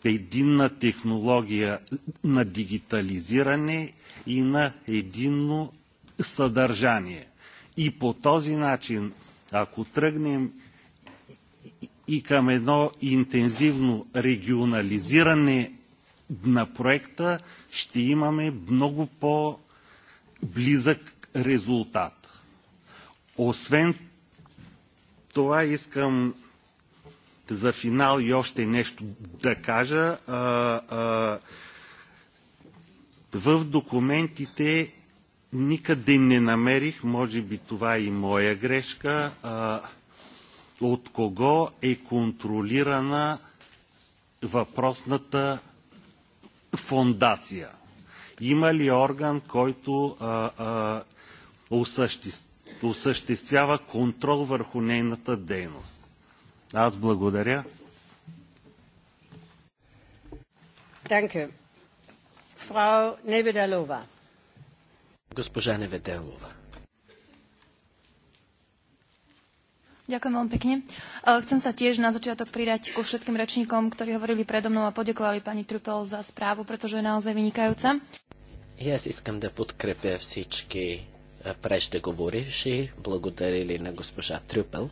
единна технология на дигитализиране и на единно съдържание. И по този начин, ако тръгнем и към едно интензивно регионализиране на проекта ще имаме много по-близък резултат. Освен това искам за финал и още нещо да кажа. в документите никъде не намерих, може би това е и моя грешка, а, от кого е контролирана въпросната фондация? Има ли орган, който а, а, осъществ, осъществява контрол върху нейната дейност? Аз благодаря. Данке. Фрау Nevedalova. Госпожа Неведелова. Ďakujem veľmi pekne. Chcem sa tiež na začiatok pridať ku všetkým rečníkom, ktorí hovorili predo mnou a podiekovali pani Trupel za správu, pretože je naozaj vynikajúca. И аз da podkrepia všetky prežde govorivši, blagodarili na gospoža Trupel.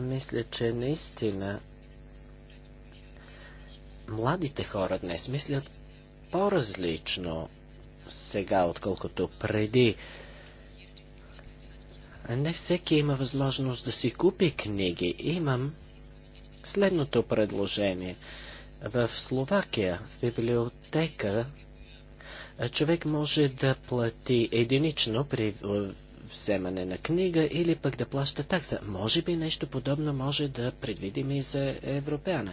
Мисля, че наистина младите хора днес мислят по-различно сега, отколкото преди. Не всеки има възможност да си купи книги. Имам следното предложение. В Словакия, в библиотека, човек може да плати единично при вземане на книга или пък да плаща такса. Може би нещо подобно може да предвидим и за европеяна.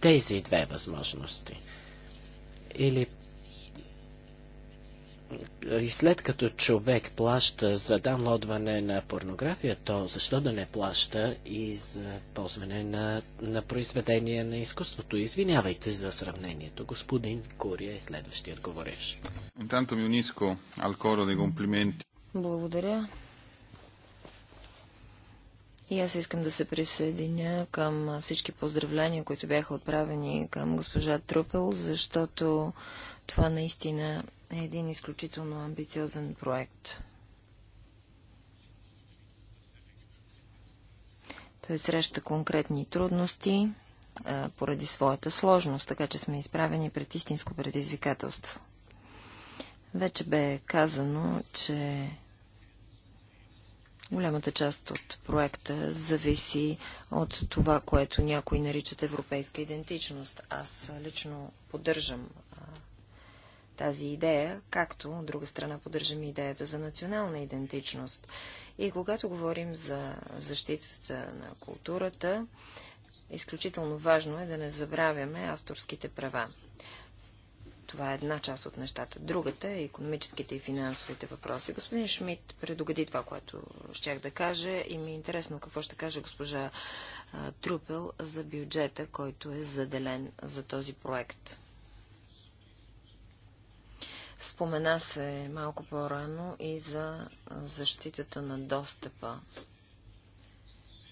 Тези две възможности. Или и след като човек плаща за даунлодване на порнография, то защо да не плаща и за ползване на, на произведения на изкуството? Извинявайте за сравнението. Господин Курия е следващият говореш. Intanto mi unisco al Благодаря. И аз искам да се присъединя към всички поздравления, които бяха отправени към госпожа Трупел, защото това наистина е един изключително амбициозен проект. Той среща конкретни трудности а, поради своята сложност, така че сме изправени пред истинско предизвикателство. Вече бе казано, че голямата част от проекта зависи от това, което някои наричат европейска идентичност. Аз лично поддържам а, тази идея, както от друга страна поддържаме идеята за национална идентичност. И когато говорим за защитата на културата, изключително важно е да не забравяме авторските права. Това е една част от нещата. Другата е економическите и финансовите въпроси. Господин Шмидт предугади това, което щях да кажа и ми е интересно какво ще каже госпожа Трупел за бюджета, който е заделен за този проект. Спомена се малко по-рано и за защитата на достъпа.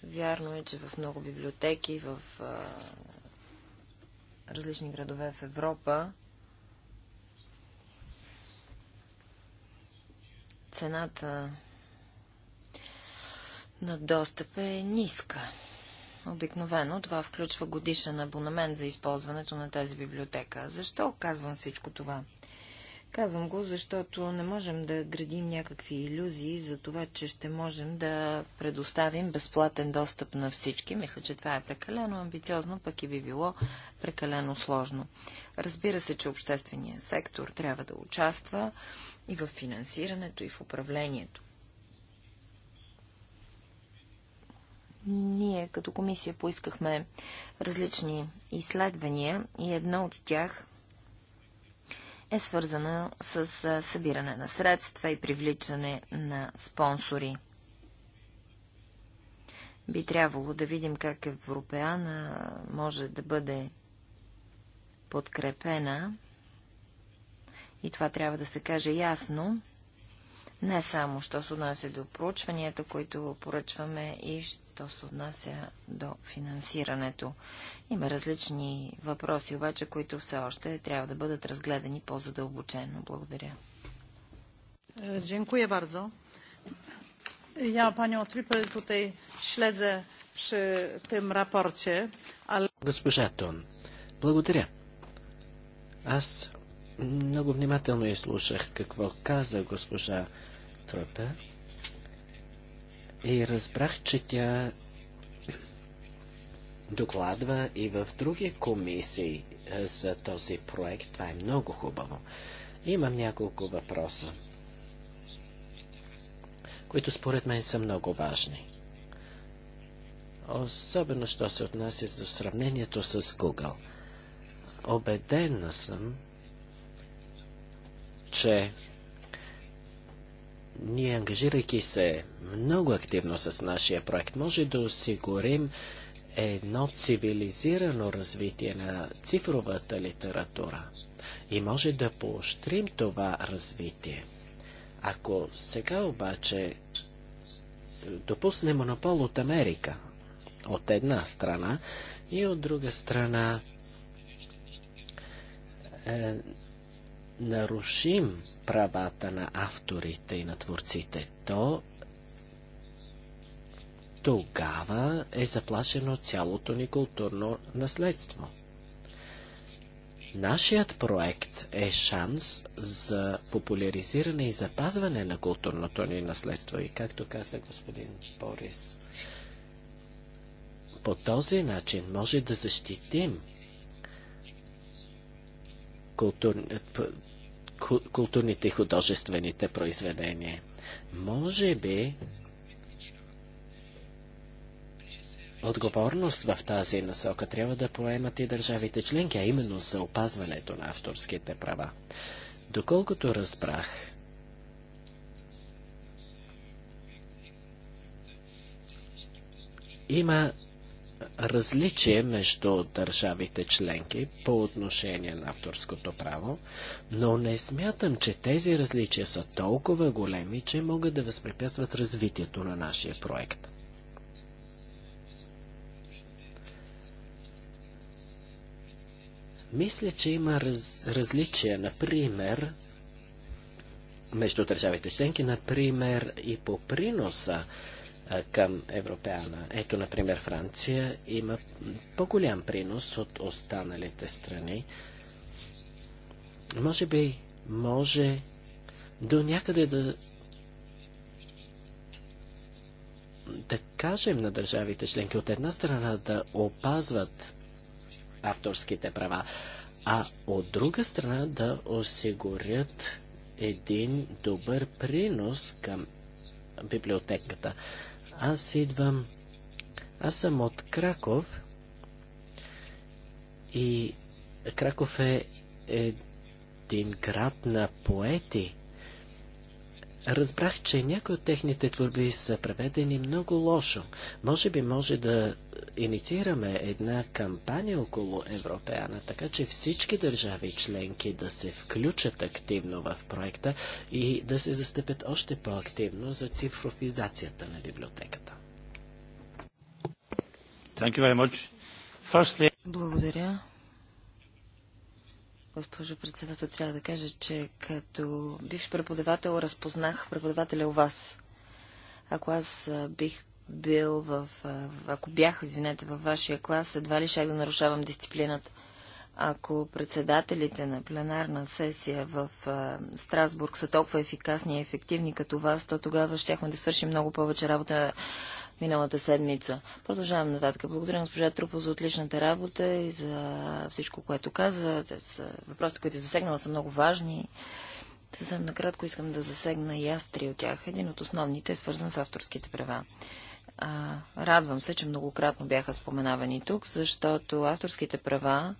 Вярно е, че в много библиотеки, в а, различни градове в Европа, цената на достъп е ниска. Обикновено това включва годишен абонамент за използването на тази библиотека. Защо казвам всичко това? Казвам го, защото не можем да градим някакви иллюзии за това, че ще можем да предоставим безплатен достъп на всички. Мисля, че това е прекалено амбициозно, пък и би било прекалено сложно. Разбира се, че обществения сектор трябва да участва и в финансирането, и в управлението. Ние като комисия поискахме различни изследвания и едно от тях е свързана с събиране на средства и привличане на спонсори. Би трябвало да видим как Европеана може да бъде подкрепена и това трябва да се каже ясно, не само, що се отнася до проучванията, които поръчваме и що се отнася до финансирането. Има различни въпроси, обаче, които все още трябва да бъдат разгледани по-задълбочено. Благодаря. Дякую bardzo. Я, panią Trippel tutaj śledzę przy tym raporcie, Госпожа Тон, благодаря. Аз много внимателно слушах какво каза госпожа Тропа и разбрах, че тя докладва и в други комисии е, за този проект. Това е много хубаво. Имам няколко въпроса, които според мен са много важни. Особено, що се отнася за сравнението с Google. Обедена съм, че ние, ангажирайки се много активно с нашия проект, може да осигурим едно цивилизирано развитие на цифровата литература и може да поощрим това развитие. Ако сега обаче допусне монопол от Америка, от една страна и от друга страна е, нарушим правата на авторите и на творците, то тогава е заплашено цялото ни културно наследство. Нашият проект е шанс за популяризиране и запазване на културното ни наследство. И както каза господин Борис, по този начин може да защитим културните и художествените произведения. Може би отговорност в тази насока трябва да поемат и държавите членки, а именно за опазването на авторските права. Доколкото разбрах, има различие между държавите членки по отношение на авторското право, но не смятам, че тези различия са толкова големи, че могат да възпрепятстват развитието на нашия проект. Мисля, че има раз, различия, например, между държавите членки, например, и по приноса към Европеана. Ето, например, Франция има по-голям принос от останалите страни. Може би, може до някъде да да кажем на държавите членки от една страна да опазват авторските права, а от друга страна да осигурят един добър принос към библиотеката. Аз идвам... Аз съм от Краков и Краков е един град на поети. Разбрах, че някои от техните творби са преведени много лошо. Може би може да инициираме една кампания около Европеана, така че всички държави членки да се включат активно в проекта и да се застъпят още по-активно за цифровизацията на библиотеката. Благодаря. Госпожо председател, трябва да кажа, че като бивш преподавател разпознах преподавателя у вас. Ако аз бих бил в... Ако бях, извинете, във вашия клас, едва ли шах да нарушавам дисциплината. Ако председателите на пленарна сесия в Страсбург са толкова ефикасни и ефективни като вас, то тогава щяхме да свършим много повече работа миналата седмица. Продължавам нататък. Благодаря госпожа Трупа за отличната работа и за всичко, което каза. Въпросите, които е засегнала, са много важни. Съвсем накратко искам да засегна и аз три от тях. Един от основните е свързан с авторските права. А, радвам се, че многократно бяха споменавани тук, защото авторските права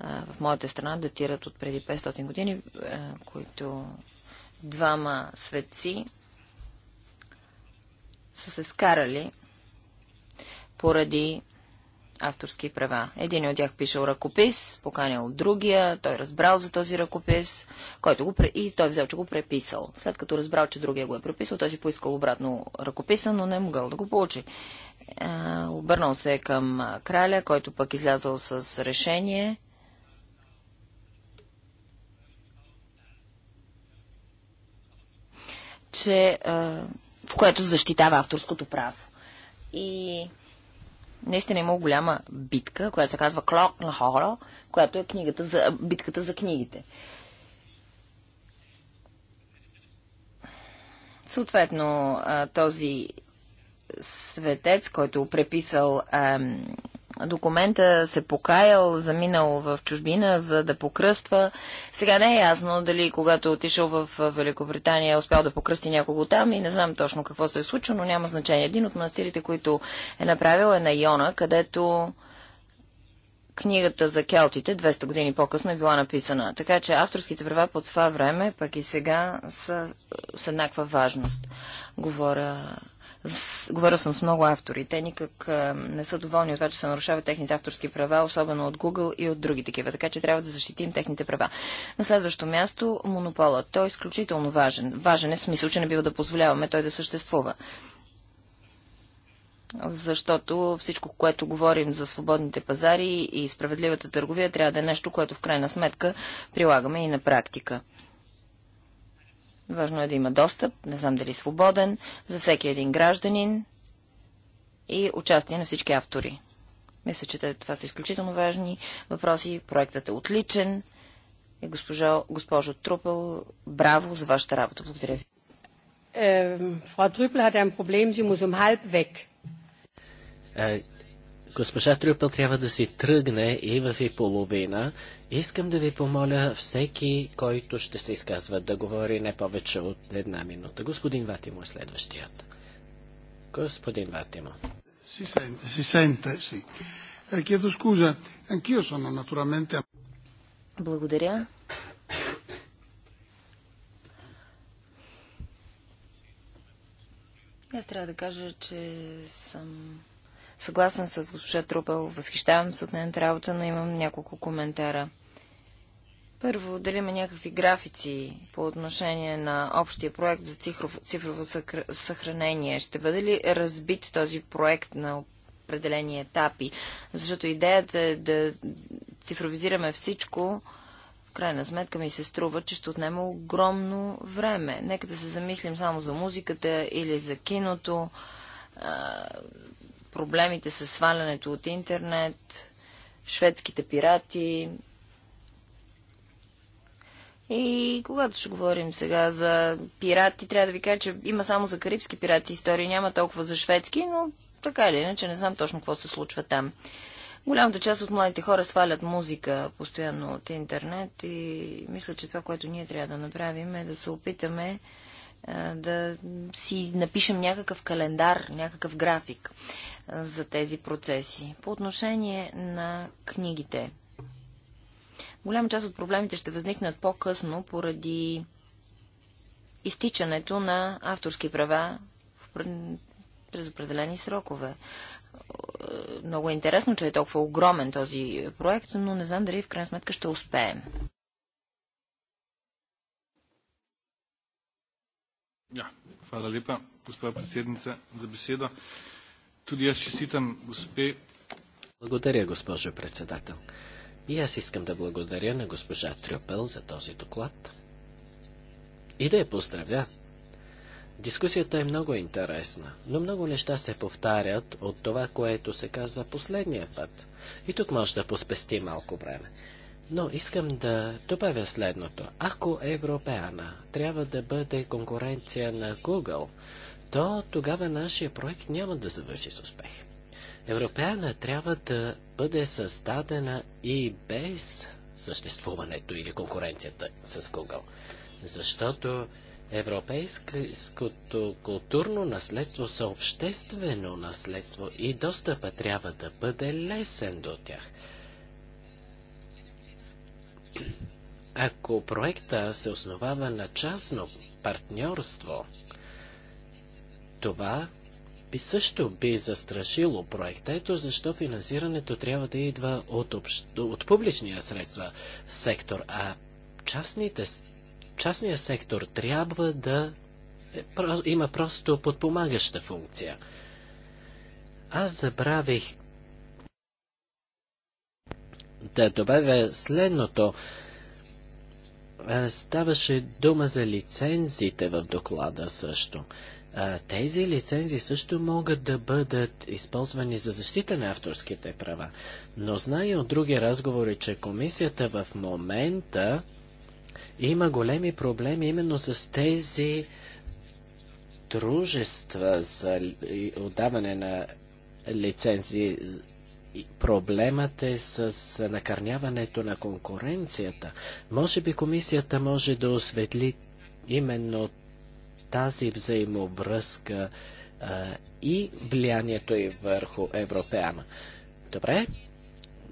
а, в моята страна датират от преди 500 години, а, е, които двама светци са се скарали поради авторски права. Един от тях пишел ръкопис, поканял другия, той разбрал за този ръкопис, който го и той взел, че го преписал. След като разбрал, че другия го е преписал, той си поискал обратно ръкописа, но не е могъл да го получи. обърнал се е към краля, който пък излязал с решение. че, в което защитава авторското право. И наистина има голяма битка, която се казва Клок на Хора, която е книгата за, битката за книгите. Съответно, този светец, който е преписал документа се покаял, заминал в чужбина, за да покръства. Сега не е ясно дали когато отишъл в Великобритания е успял да покръсти някого там и не знам точно какво се е случило, но няма значение. Един от монастирите, които е направил е на Йона, където книгата за келтите 200 години по-късно е била написана. Така че авторските права по това време, пък и сега са с еднаква важност. Говоря с... Говорил съм с много автори. Те никак не са доволни от това, че се нарушават техните авторски права, особено от Google и от други такива. Така че трябва да защитим техните права. На следващо място монополът. Той е изключително важен. Важен е в смисъл, че не бива да позволяваме той да съществува защото всичко, което говорим за свободните пазари и справедливата търговия, трябва да е нещо, което в крайна сметка прилагаме и на практика. Важно е да има достъп, не знам дали свободен, за всеки един гражданин и участие на всички автори. Мисля, че това са изключително важни въпроси. Проектът е отличен. И госпожо, госпожо Трупел, браво за вашата работа. Благодаря ви. Фра Трупел hat ein Problem, sie halb weg. Госпожа Трюпел трябва да си тръгне и в и половина. Искам да ви помоля всеки, който ще се изказва, да говори не повече от една минута. Господин Ватимо е следващият. Господин Ватимо. Си сенте, си сенте, си. Chiedo scusa, anch'io sono naturalmente... Благодаря. Аз трябва да кажа, че съм Съгласен с госпожа Трупел, възхищавам се от нейната работа, но имам няколко коментара. Първо, дали има някакви графици по отношение на общия проект за цифрово, цифрово съхранение? Ще бъде ли разбит този проект на определени етапи? Защото идеята е да цифровизираме всичко, в крайна сметка ми се струва, че ще отнема огромно време. Нека да се замислим само за музиката или за киното проблемите с свалянето от интернет, шведските пирати. И когато ще говорим сега за пирати, трябва да ви кажа, че има само за карибски пирати истории, няма толкова за шведски, но така или иначе не знам точно какво се случва там. Голямата част от младите хора свалят музика постоянно от интернет и мисля, че това, което ние трябва да направим е да се опитаме да си напишем някакъв календар, някакъв график за тези процеси. По отношение на книгите. Голяма част от проблемите ще възникнат по-късно поради изтичането на авторски права през определени срокове. Много е интересно, че е толкова огромен този проект, но не знам дали в крайна сметка ще успеем. Ja, hvala lepa, gospa predsednica, za besedo. Tudi Благодаря, госпожо председател. И аз искам да благодаря на госпожа Трюпел за този доклад. И да я поздравя. Дискусията е много интересна, но много неща се повтарят от това, което се каза последния път. И тук може да поспести малко време. Но искам да добавя следното. Ако Европеана трябва да бъде конкуренция на Google, то тогава нашия проект няма да завърши с успех. Европеана трябва да бъде създадена и без съществуването или конкуренцията с Google. Защото европейското културно наследство са обществено наследство и достъпа трябва да бъде лесен до тях. Ако проекта се основава на частно партньорство, това би също би застрашило проекта. Ето защо финансирането трябва да идва от, общ... от публичния средства сектор, а частните... частния сектор трябва да е има просто подпомагаща функция. Аз забравих да добавя следното. Е, ставаше дума за лицензите в доклада също. Тези лицензии също могат да бъдат използвани за защита на авторските права. Но знае от други разговори, че комисията в момента има големи проблеми именно с тези дружества за отдаване на лицензии. Проблемът е с накърняването на конкуренцията. Може би комисията може да осветли именно тази взаимовръзка а, и влиянието и върху Европеана. Добре,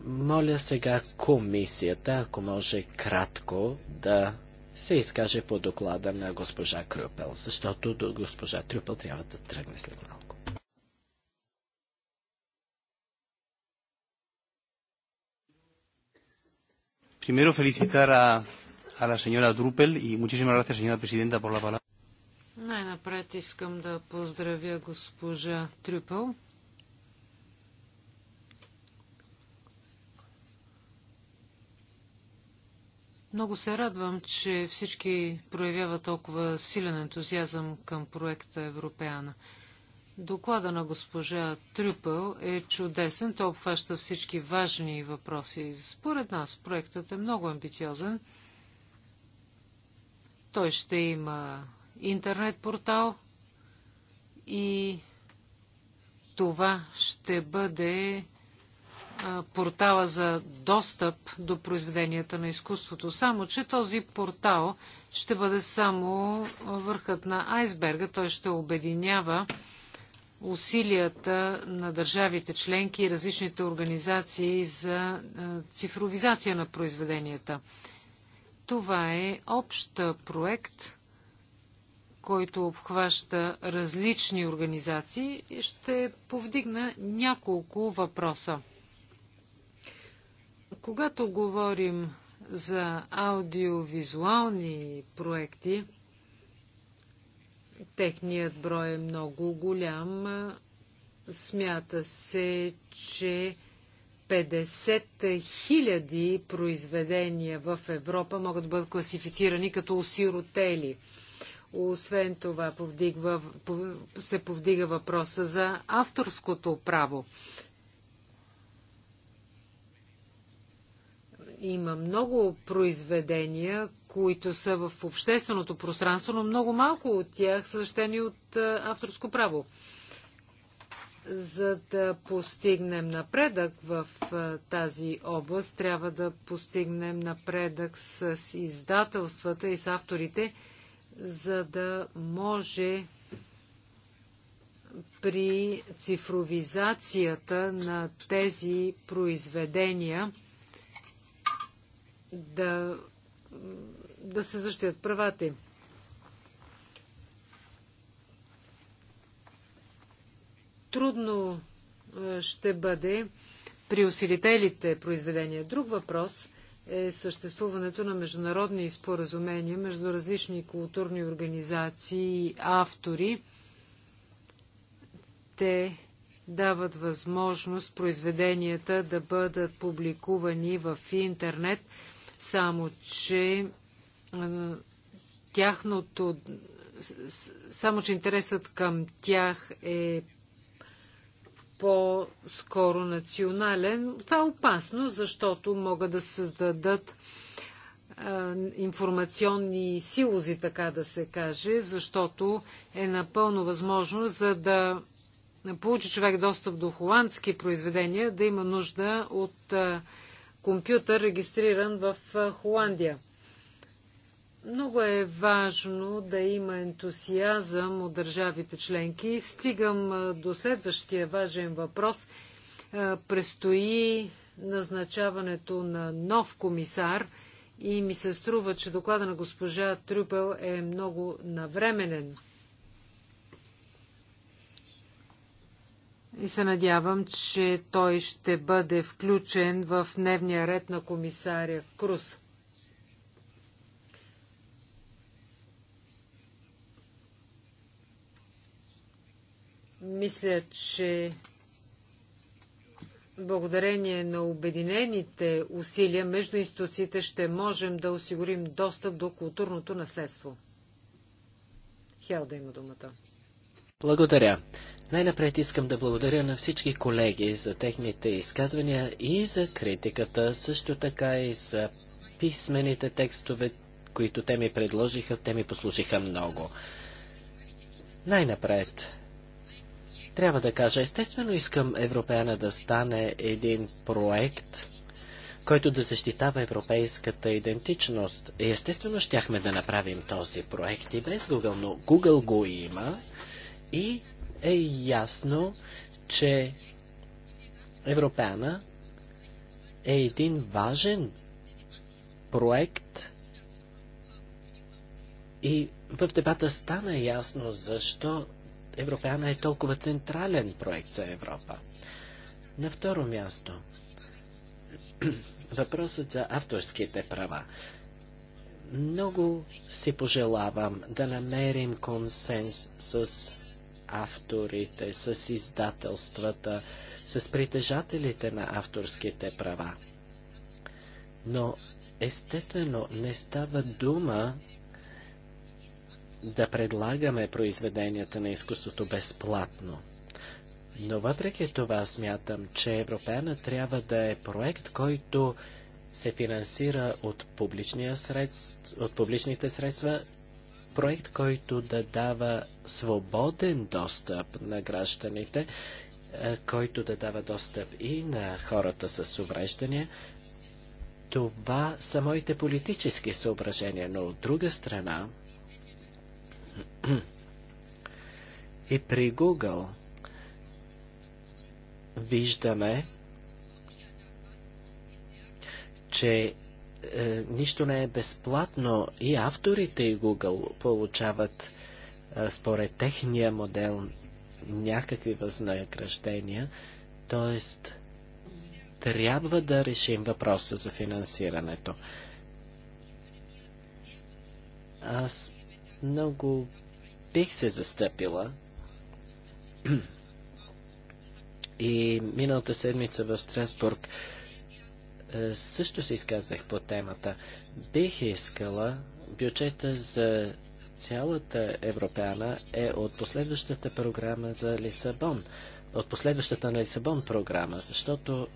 моля сега комисията, ако може кратко да се изкаже по доклада на госпожа Крюпел, защото до госпожа Трюпел трябва да тръгне след малко. Primero felicitar a, a la señora Drupel y muchísimas gracias, señora presidenta, por la palabra. Най-напред искам да поздравя госпожа Трюпъл. Много се радвам, че всички проявяват толкова силен ентузиазъм към проекта Европеана. Доклада на госпожа Трюпъл е чудесен. Той обхваща всички важни въпроси. Според нас проектът е много амбициозен. Той ще има интернет портал и това ще бъде портала за достъп до произведенията на изкуството. Само, че този портал ще бъде само върхът на айсберга. Той ще обединява усилията на държавите членки и различните организации за цифровизация на произведенията. Това е общ проект, който обхваща различни организации, ще повдигна няколко въпроса. Когато говорим за аудиовизуални проекти, техният брой е много голям. Смята се, че 50 000 произведения в Европа могат да бъдат класифицирани като осиротели. Освен това повдигва, се повдига въпроса за авторското право. Има много произведения, които са в общественото пространство, но много малко от тях са защитени от авторско право. За да постигнем напредък в тази област, трябва да постигнем напредък с издателствата и с авторите – за да може при цифровизацията на тези произведения да, да се защитят правата им. Трудно е, ще бъде при усилителите произведения. Друг въпрос е съществуването на международни споразумения между различни културни организации и автори. Те дават възможност произведенията да бъдат публикувани в интернет, само че тяхното само че интересът към тях е по-скоро национален. Това е опасно, защото могат да създадат информационни силози, така да се каже, защото е напълно възможно, за да получи човек достъп до холандски произведения, да има нужда от компютър, регистриран в Холандия. Много е важно да има ентусиазъм от държавите членки. Стигам до следващия важен въпрос. Престои назначаването на нов комисар и ми се струва, че доклада на госпожа Трюпел е много навременен. И се надявам, че той ще бъде включен в дневния ред на комисаря Крус. Мисля, че благодарение на обединените усилия между институциите ще можем да осигурим достъп до културното наследство. Хел да има думата. Благодаря. Най-напред искам да благодаря на всички колеги за техните изказвания и за критиката, също така и за писмените текстове, които те ми предложиха, те ми послужиха много. Най-напред трябва да кажа, естествено искам Европеана да стане един проект, който да защитава европейската идентичност. Естествено, щяхме да направим този проект и без Google, но Google го има и е ясно, че Европеана е един важен проект и в дебата стана ясно защо Европеана е толкова централен проект за Европа. На второ място, въпросът за авторските права. Много си пожелавам да намерим консенс с авторите, с издателствата, с притежателите на авторските права. Но естествено не става дума да предлагаме произведенията на изкуството безплатно. Но въпреки това смятам, че Европеана трябва да е проект, който се финансира от, средств, от публичните средства, проект, който да дава свободен достъп на гражданите, е, който да дава достъп и на хората с увреждания. Това са моите политически съображения, но от друга страна, и при Google виждаме, че е, нищо не е безплатно и авторите и Google получават е, според техния модел някакви възнаграждения, т.е. трябва да решим въпроса за финансирането. Аз много бих се застъпила. И миналата седмица в Страсбург е, също се изказах по темата. Бих искала бюджета за цялата Европеана е от последващата програма за Лисабон. От последващата на Лисабон програма, защото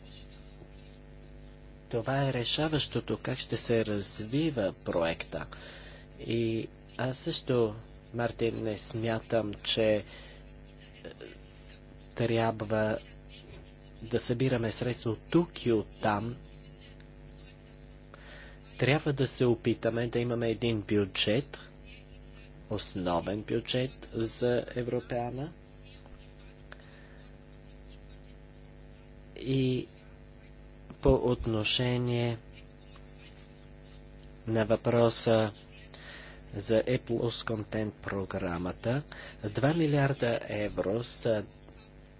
това е решаващото как ще се развива проекта. И аз също, Мартин, не смятам, че е, трябва да събираме средства от тук и от там. Трябва да се опитаме да имаме един бюджет, основен бюджет за Европеана. И по отношение на въпроса за E контент програмата. 2 милиарда евро са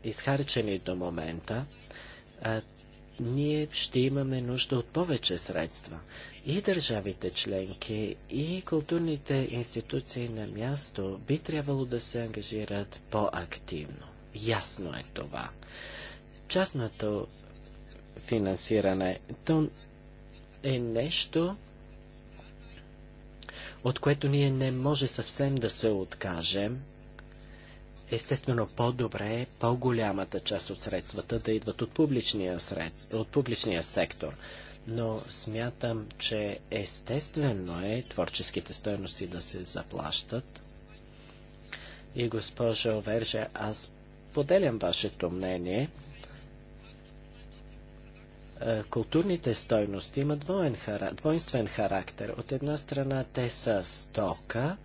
изхарчени до момента. А, ние ще имаме нужда от повече средства. И държавите членки, и културните институции на място би трябвало да се ангажират по-активно. Ясно е това. Частното финансиране, то е нещо, от което ние не може съвсем да се откажем. Естествено, по-добре е по-голямата част от средствата да идват от публичния, средств, от публичния сектор. Но смятам, че естествено е творческите стоености да се заплащат. И госпожо Верже, аз поделям вашето мнение – е, културните стойности имат двоен, двойствен характер. От една страна те са стока,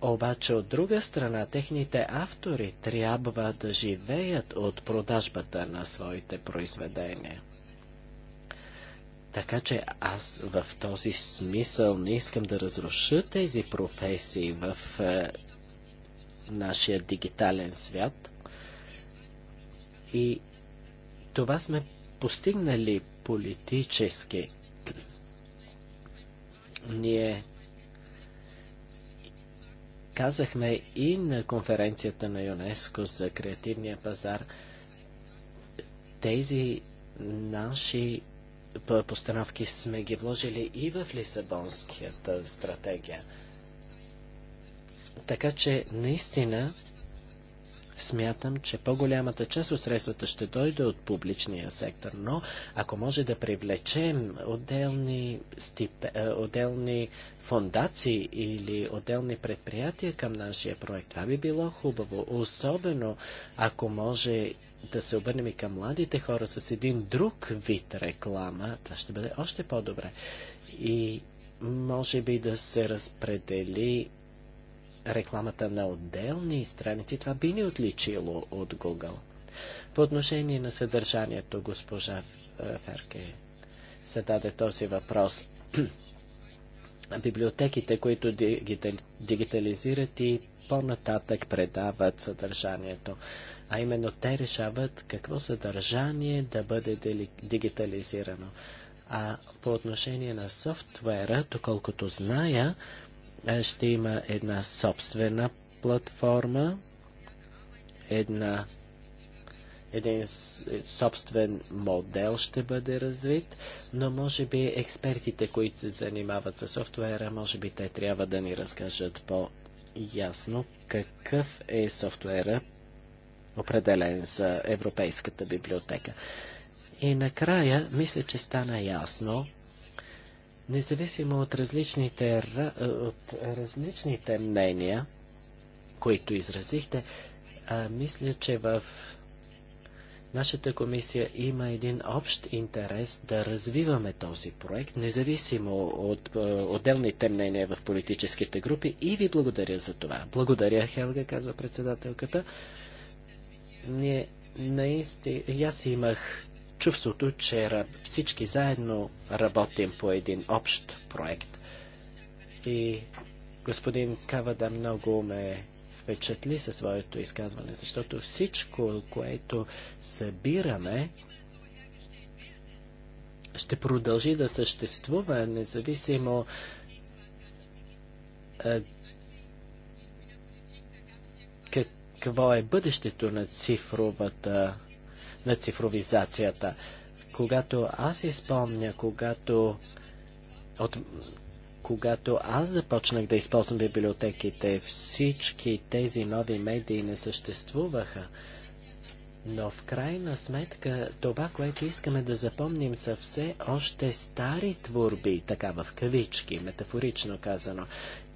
обаче от друга страна техните автори трябва да живеят от продажбата на своите произведения. Така че аз в този смисъл не искам да разруша тези професии в е, нашия дигитален свят. И това сме постигнали политически. Ние казахме и на конференцията на ЮНЕСКО за креативния пазар, тези наши постановки сме ги вложили и в Лисабонската стратегия. Така че наистина Смятам, че по-голямата част от средствата ще дойде от публичния сектор, но ако може да привлечем отделни, стип... Е, отделни фондации или отделни предприятия към нашия проект, това би било хубаво. Особено ако може да се обърнем и към младите хора с един друг вид реклама, това ще бъде още по-добре. И може би да се разпредели рекламата на отделни страници, това би ни отличило от Google. По отношение на съдържанието, госпожа Ферке зададе този въпрос. Библиотеките, които дигитализират и по-нататък предават съдържанието, а именно те решават какво съдържание да бъде дигитализирано. А по отношение на софтуера, доколкото зная, е, ще има една собствена платформа, една, един е, собствен модел ще бъде развит, но може би експертите, които се занимават с софтуера, може би те трябва да ни разкажат по-ясно какъв е софтуера, определен за Европейската библиотека. И накрая, мисля, че стана ясно, Независимо от различните, от различните мнения, които изразихте, а, мисля, че в нашата комисия има един общ интерес да развиваме този проект, независимо от отделните мнения в политическите групи и ви благодаря за това. Благодаря, Хелга, казва председателката. Ние наистина, аз имах чувството, че всички заедно работим по един общ проект. И господин Кавада много ме впечатли със своето изказване, защото всичко, което събираме, ще продължи да съществува, независимо какво е бъдещето на цифровата на цифровизацията. Когато аз изпомня, когато, от, когато аз започнах да използвам библиотеките, всички тези нови медии не съществуваха. Но в крайна сметка това, което искаме да запомним са все още стари творби, така в кавички, метафорично казано.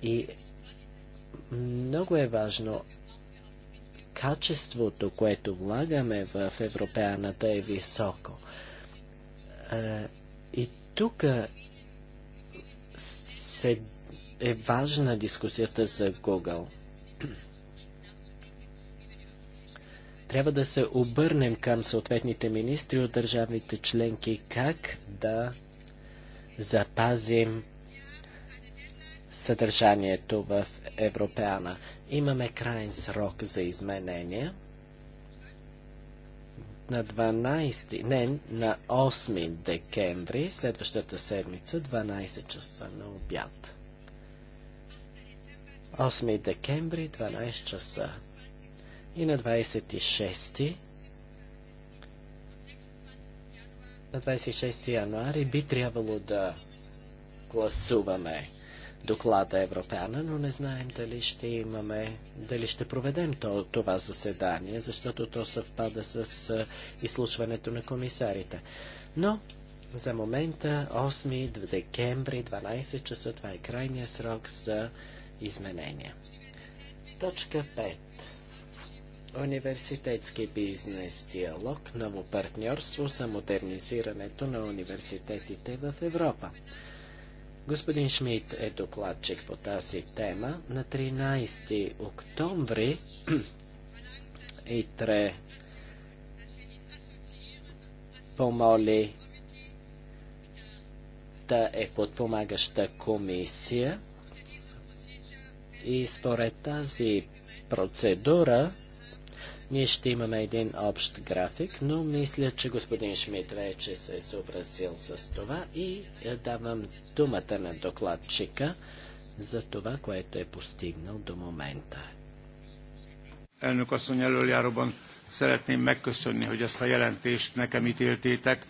И много е важно качеството, което влагаме в европеаната е високо. И тук се е важна дискусията за Google. Трябва да се обърнем към съответните министри от държавните членки как да запазим съдържанието в Европеана. Имаме крайен срок за изменения на 12, не, на 8 декември, следващата седмица, 12 часа на обяд. 8 декември, 12 часа. И на 26 на 26 януари би трябвало да гласуваме доклада Европеана, но не знаем дали ще имаме, дали ще проведем то, това заседание, защото то съвпада с изслушването на комисарите. Но за момента 8 декември 12 часа това е крайния срок за изменения. Точка 5. Университетски бизнес диалог, ново партньорство за модернизирането на университетите в Европа. Господин Шмидт е докладчик по тази тема. На 13 октомври ИТРЕ помоли да е подпомагаща комисия и според тази процедура ние ще имаме един общ график, но мисля, че господин Шмидт вече се е съобразил с това и е, давам думата на докладчика за това, което е постигнал до момента. Elnök asszony elöljáróban szeretném megköszönni, hogy ezt a jelentést nekem ítéltétek.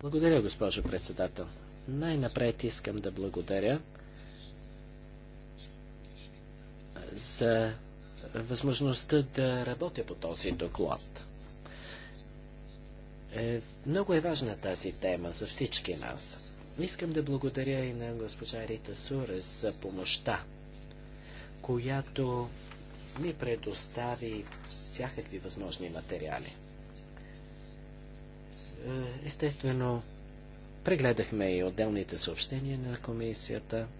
Благодаря, госпожо председател. Най-напред искам да благодаря за възможността да работя по този доклад. Е, много е важна тази тема за всички нас. Искам да благодаря и на госпожа Рита Сурес за помощта, която ми предостави всякакви възможни материали. Е, естествено, прегледахме и отделните съобщения на комисията –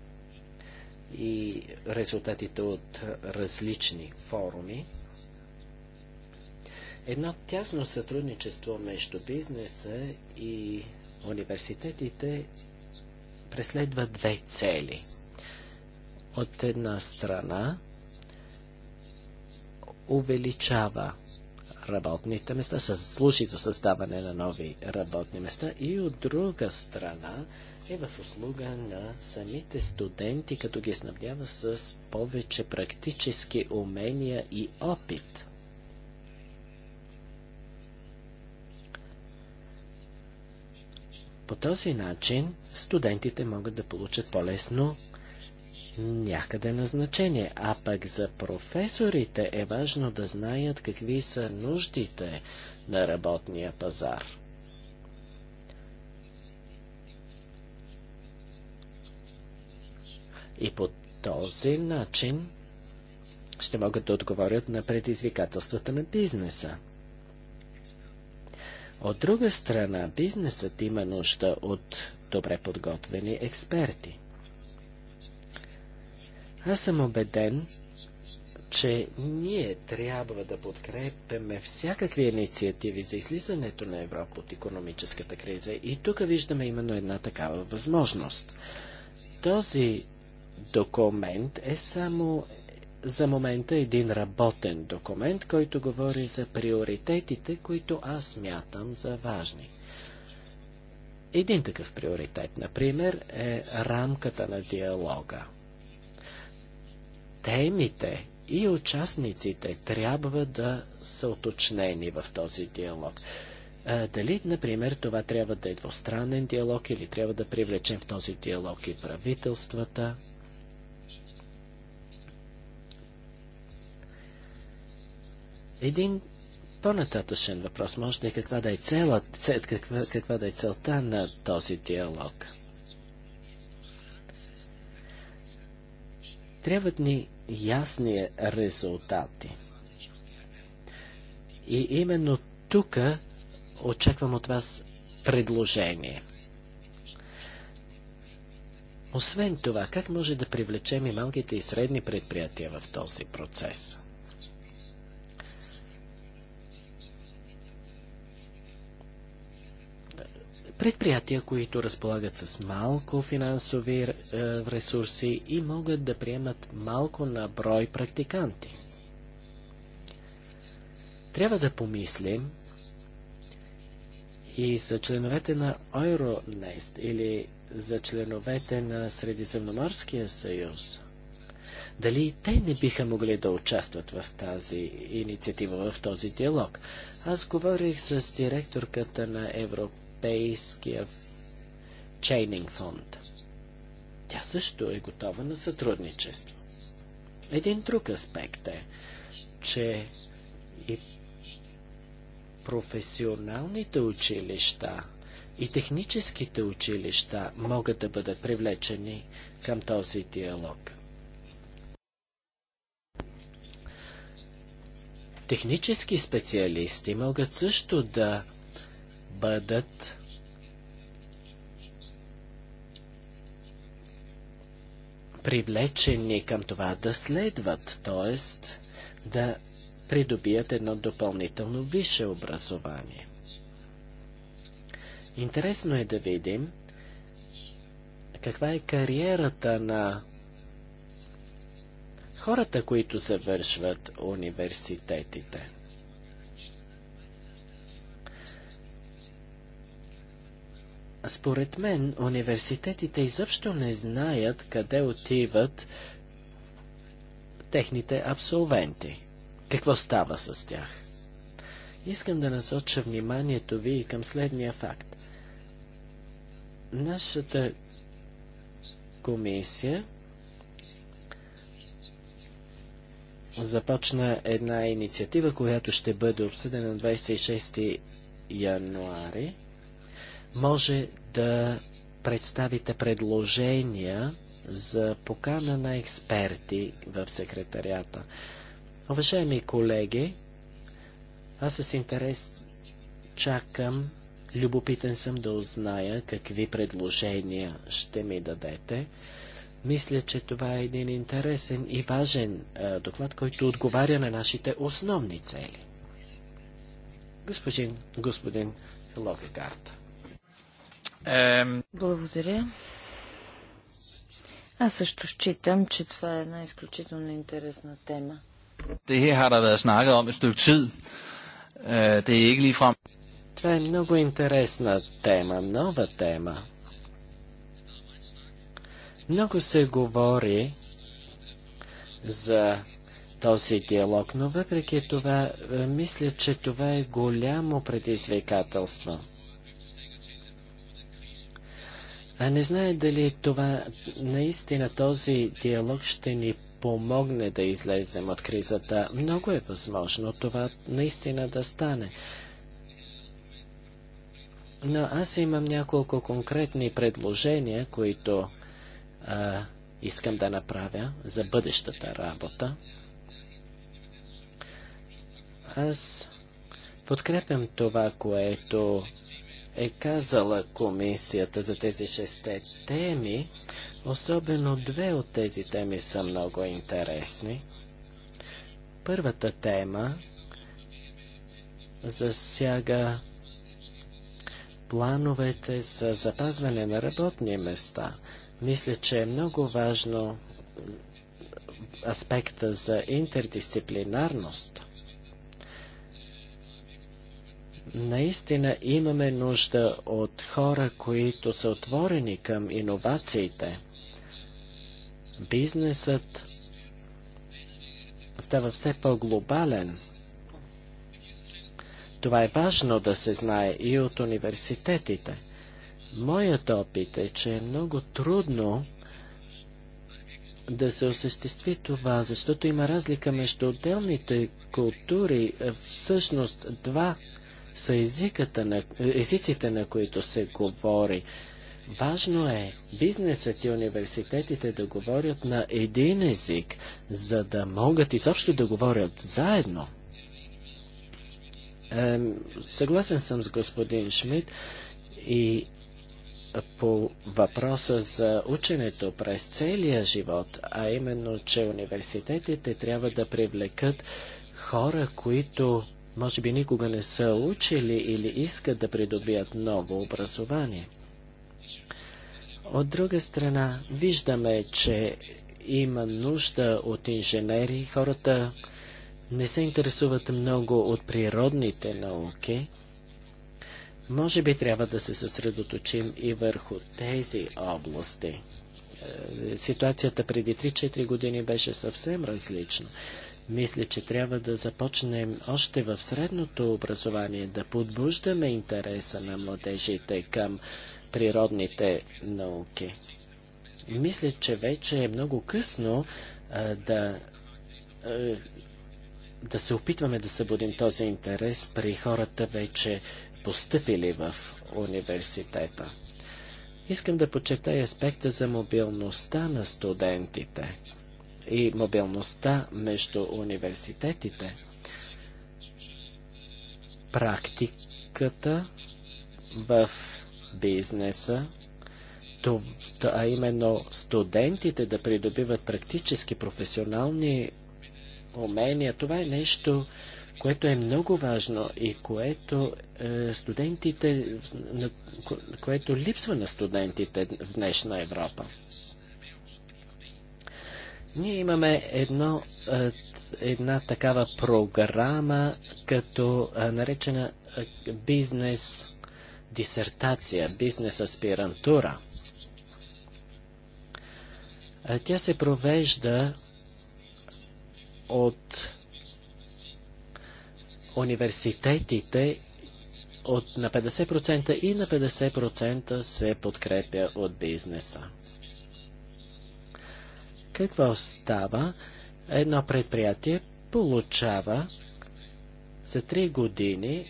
и резултатите от различни форуми. Едно тясно сътрудничество между бизнеса и университетите преследва две цели. От една страна увеличава работните места, служи за създаване на нови работни места и от друга страна е в услуга на самите студенти, като ги снабдява с повече практически умения и опит. По този начин студентите могат да получат по-лесно някъде назначение, а пък за професорите е важно да знаят какви са нуждите на работния пазар. И по този начин ще могат да отговорят на предизвикателствата на бизнеса. От друга страна, бизнесът има нужда от добре подготвени експерти. Аз съм убеден, че ние трябва да подкрепяме всякакви инициативи за излизането на Европа от економическата криза и тук виждаме именно една такава възможност. Този документ е само за момента един работен документ, който говори за приоритетите, които аз мятам за важни. Един такъв приоритет, например, е рамката на диалога. Темите и участниците трябва да са уточнени в този диалог. дали, например, това трябва да е двустранен диалог или трябва да привлечем в този диалог и правителствата, Един по-нататъчен въпрос може да е каква да е, цела, цел, каква, каква да е целта на този диалог. Трябват ни ясни резултати. И именно тук очаквам от вас предложение. Освен това, как може да привлечем и малките и средни предприятия в този процес? предприятия, които разполагат с малко финансови е, ресурси и могат да приемат малко на брой практиканти. Трябва да помислим и за членовете на Euronest или за членовете на Средиземноморския съюз. Дали и те не биха могли да участват в тази инициатива, в този диалог? Аз говорих с директорката на Европа Европейския чейнинг фонд. Тя също е готова на сътрудничество. Един друг аспект е, че и професионалните училища и техническите училища могат да бъдат привлечени към този диалог. Технически специалисти могат също да бъдат привлечени към това да следват, т.е. да придобият едно допълнително висше образование. Интересно е да видим каква е кариерата на хората, които завършват университетите. Според мен, университетите изобщо не знаят къде отиват техните абсолвенти. Какво става с тях? Искам да насоча вниманието ви и към следния факт. Нашата комисия започна една инициатива, която ще бъде обсъдена на 26 януари може да представите предложения за покана на експерти в секретарията. Уважаеми колеги, аз с интерес чакам, любопитен съм да узная какви предложения ще ми дадете. Мисля, че това е един интересен и важен е, доклад, който отговаря на нашите основни цели. Господин, господин Логегард. Благодаря. Аз също считам, че това е една изключително интересна тема. Det her har der været snakket om et stykke tid. Е, det er ikke Това е много интересна тема, нова тема. Много се говори за този диалог, но въпреки това е, мисля, че това е голямо предизвикателство. А не знае дали това наистина този диалог ще ни помогне да излезем от кризата. Много е възможно това наистина да стане. Но аз имам няколко конкретни предложения, които а, искам да направя за бъдещата работа. Аз подкрепям това, което е казала комисията за тези шесте теми, особено две от тези теми са много интересни. Първата тема засяга плановете за запазване на работни места. Мисля, че е много важно аспекта за интердисциплинарност – наистина имаме нужда от хора, които са отворени към иновациите. Бизнесът става все по-глобален. Това е важно да се знае и от университетите. Моят опит е, че е много трудно да се осъществи това, защото има разлика между отделните култури. Всъщност, два са езиката на, езиците, на които се говори. Важно е бизнесът и университетите да говорят на един език, за да могат изобщо да говорят заедно. Ем, съгласен съм с господин Шмидт и по въпроса за ученето през целия живот, а именно, че университетите трябва да привлекат хора, които може би никога не са учили или искат да придобият ново образование. От друга страна, виждаме, че има нужда от инженери, хората не се интересуват много от природните науки. Може би трябва да се съсредоточим и върху тези области. Е, ситуацията преди 3-4 години беше съвсем различна. Мисля, че трябва да започнем още в средното образование да подбуждаме интереса на младежите към природните науки. Мисля, че вече е много късно а, да, а, да се опитваме да събудим този интерес при хората вече постъпили в университета. Искам да подчертая аспекта за мобилността на студентите и мобилността между университетите. Практиката в бизнеса, а именно студентите да придобиват практически професионални умения, това е нещо, което е много важно и което е, студентите, което липсва на студентите в днешна Европа. Ние имаме едно, е, една такава програма, като е, наречена е, бизнес дисертация, бизнес аспирантура. Тя се провежда от университетите от на 50% и на 50% се подкрепя от бизнеса. Какво става? Едно предприятие получава за 3 години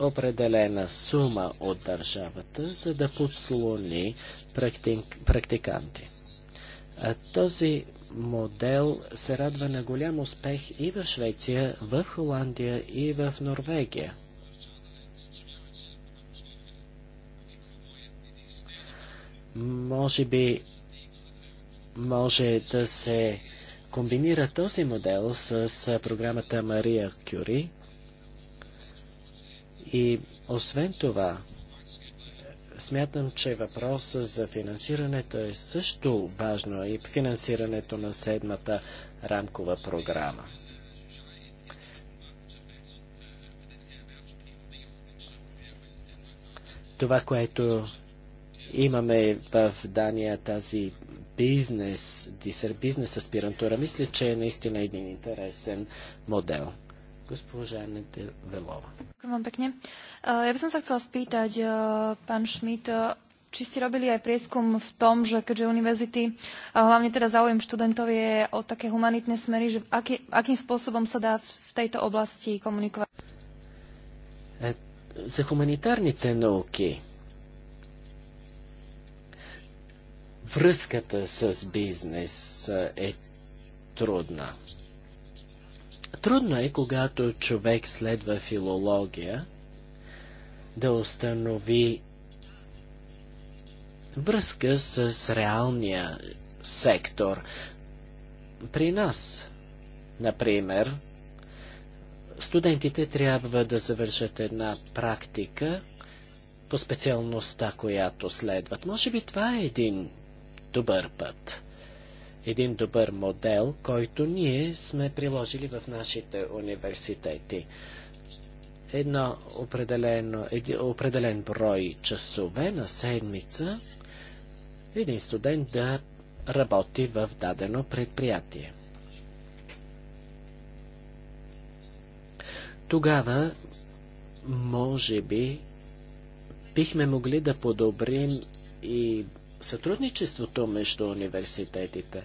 определена сума от държавата, за да подслони практик... практиканти. А този модел се радва на голям успех и в Швеция, в Холандия и в Норвегия. Може би може да се комбинира този модел с програмата Мария Кюри. И освен това, смятам, че въпроса за финансирането е също важно и финансирането на седмата рамкова програма. Това, което имаме в Дания тази бизнес, дисер бизнес аспирантура, мисля, че е наистина един интересен модел. Госпожа Нете Велова. Vám pekne. Ja by som sa chcela spýtať, pán Šmit, či ste robili aj prieskum v tom, že keďže univerzity, hlavne teda záujem študentov je o také humanitné smery, že aký, akým spôsobom sa dá v, v tejto oblasti komunikovať? За хуманитарните науки връзката с бизнес е трудна. Трудно е, когато човек следва филология, да установи връзка с реалния сектор. При нас, например, студентите трябва да завършат една практика по специалността, която следват. Може би това е един добър път. Един добър модел, който ние сме приложили в нашите университети. Едно определено, един, определен брой часове на седмица един студент да работи в дадено предприятие. Тогава, може би, бихме могли да подобрим и сътрудничеството между университетите.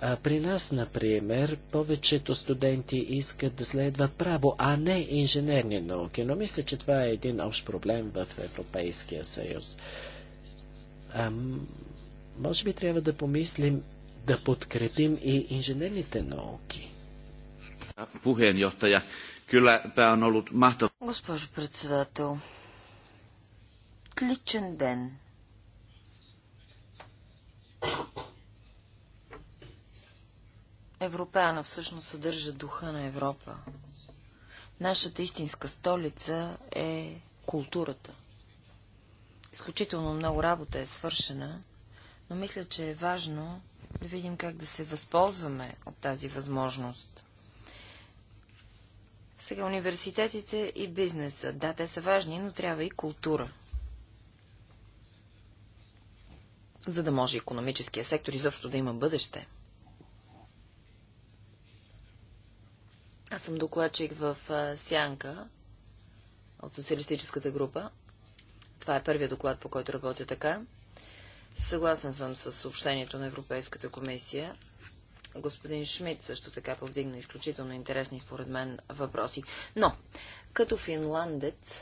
А при нас, например, повечето студенти искат да следват право, а не инженерни науки, но мисля, че това е един общ проблем в Европейския съюз. А, може би трябва да помислим да подкрепим и инженерните науки. Госпожо председател, отличен ден. Европеана всъщност съдържа духа на Европа. Нашата истинска столица е културата. Изключително много работа е свършена, но мисля, че е важно да видим как да се възползваме от тази възможност. Сега университетите и бизнеса. Да, те са важни, но трябва и култура. за да може економическия сектор изобщо да има бъдеще. Аз съм докладчик в Сянка от социалистическата група. Това е първият доклад, по който работя така. Съгласен съм с съобщението на Европейската комисия. Господин Шмидт също така повдигна изключително интересни, според мен, въпроси. Но, като финландец,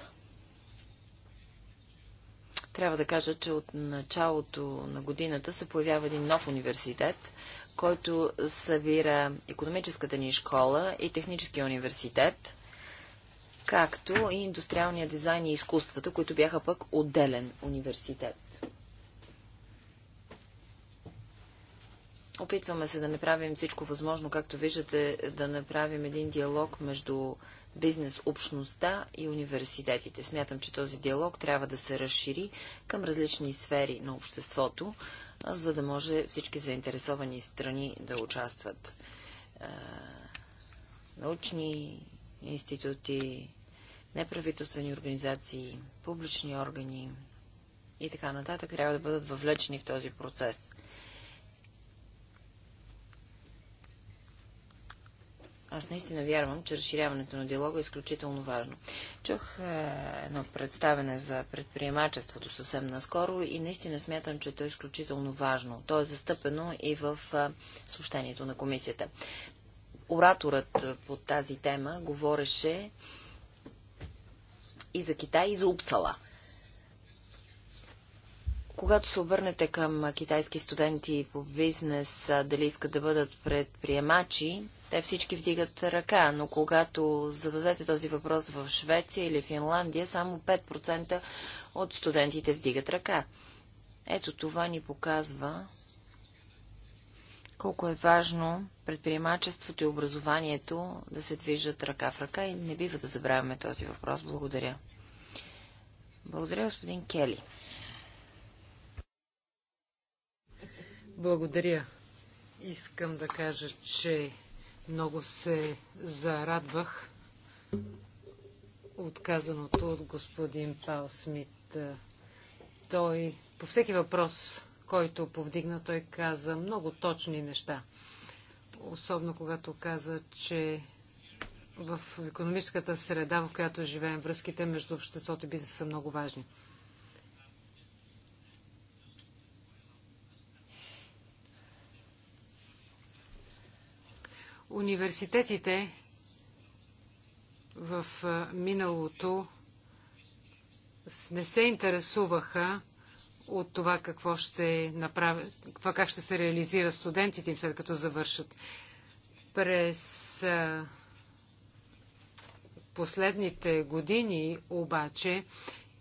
трябва да кажа, че от началото на годината се появява един нов университет, който събира економическата ни школа и техническия университет, както и индустриалния дизайн и изкуствата, които бяха пък отделен университет. Опитваме се да направим всичко възможно, както виждате, да направим един диалог между бизнес общността и университетите. Смятам, че този диалог трябва да се разшири към различни сфери на обществото, за да може всички заинтересовани страни да участват. Е, научни институти, неправителствени организации, публични органи и така нататък трябва да бъдат въвлечени в този процес. Аз наистина вярвам, че разширяването на диалога е изключително важно. Чух е, едно представене за предприемачеството съвсем наскоро и наистина смятам, че то е изключително важно. То е застъпено и в е, съобщението на комисията. Ораторът е, по тази тема говореше и за Китай, и за Упсала. Когато се обърнете към китайски студенти по бизнес, дали искат да бъдат предприемачи, те всички вдигат ръка, но когато зададете този въпрос в Швеция или Финландия, само 5% от студентите вдигат ръка. Ето това ни показва колко е важно предприемачеството и образованието да се движат ръка в ръка и не бива да забравяме този въпрос. Благодаря. Благодаря, господин Кели. Благодаря. Искам да кажа, че много се зарадвах отказаното от господин Пао Смит. Е, той по всеки въпрос, който повдигна, той каза много точни неща. Особено когато каза, че в економическата среда, в която живеем, връзките между обществото и бизнеса са много важни. Университетите в миналото не се интересуваха от това какво ще направят, това как ще се реализира студентите им след като завършат. През последните години обаче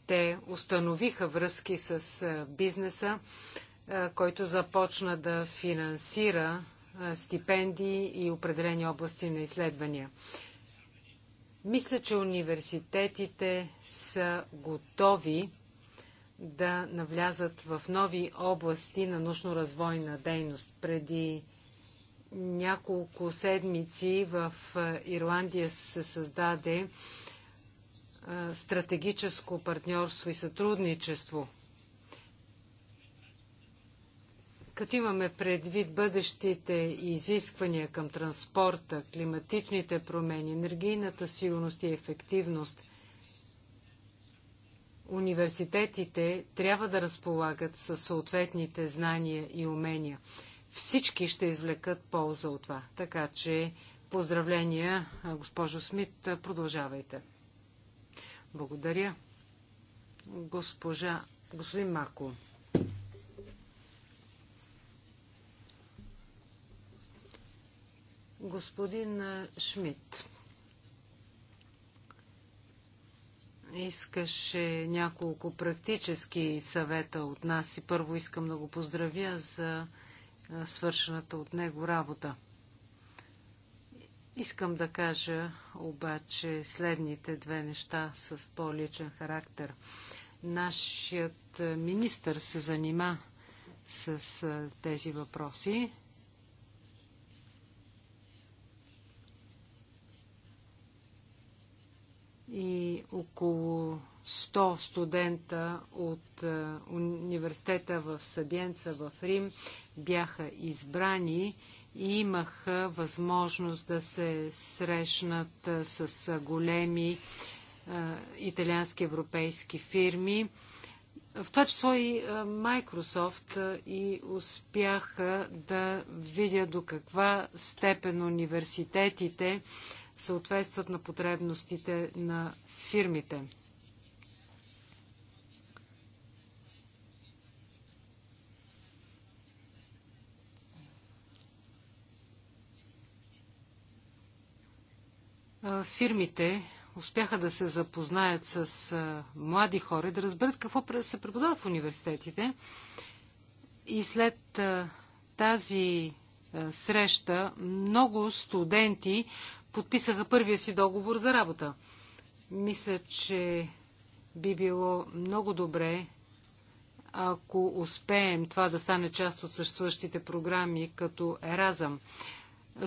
те установиха връзки с бизнеса, който започна да финансира стипендии и определени области на изследвания. Мисля, че университетите са готови да навлязат в нови области на научно-развойна дейност. Преди няколко седмици в Ирландия се създаде стратегическо партньорство и сътрудничество – Като имаме предвид бъдещите изисквания към транспорта, климатичните промени, енергийната сигурност и ефективност, университетите трябва да разполагат със съответните знания и умения. Всички ще извлекат полза от това. Така че поздравления, госпожо Смит, продължавайте. Благодаря. Госпожа, господин Марко. Господин Шмидт искаше няколко практически съвета от нас и първо искам да го поздравя за свършената от него работа. Искам да кажа обаче следните две неща с по-личен характер. Нашият министр се занима с тези въпроси. и около 100 студента от е, университета в Сабиенца в Рим бяха избрани и имаха възможност да се срещнат е, с е, големи италиански европейски фирми, в това число и Microsoft, и успяха да видят до каква степен университетите съответстват на потребностите на фирмите. Фирмите успяха да се запознаят с млади хора и да разберат какво се преподава в университетите. И след тази среща много студенти подписаха първия си договор за работа. Мисля, че би било много добре, ако успеем това да стане част от съществуващите програми като Еразъм.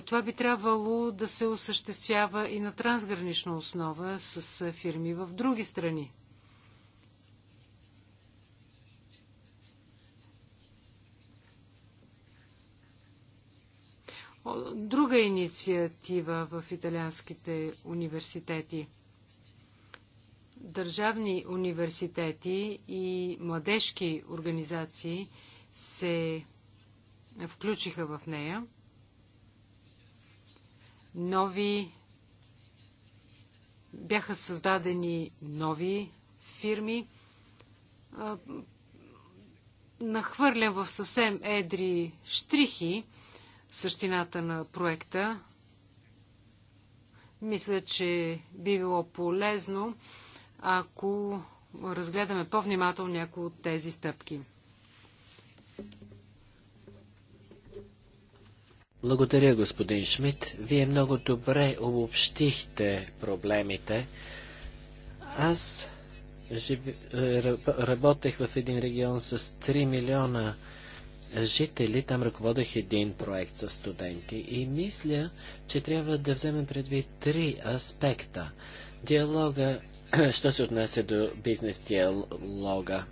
Това би трябвало да се осъществява и на трансгранична основа с фирми в други страни. друга инициатива в италианските университети. Държавни университети и младежки организации се включиха в нея. Нови бяха създадени нови фирми. Нахвърлям в съвсем едри штрихи същината на проекта. Мисля, че би било полезно, ако разгледаме по-внимателно някои от тези стъпки. Благодаря, господин Шмидт. Вие много добре обобщихте проблемите. Аз работех в един регион с 3 милиона жители там ръководех един проект с студенти и мисля, че трябва да вземем предвид три аспекта. Диалога, що се отнася до бизнес диалога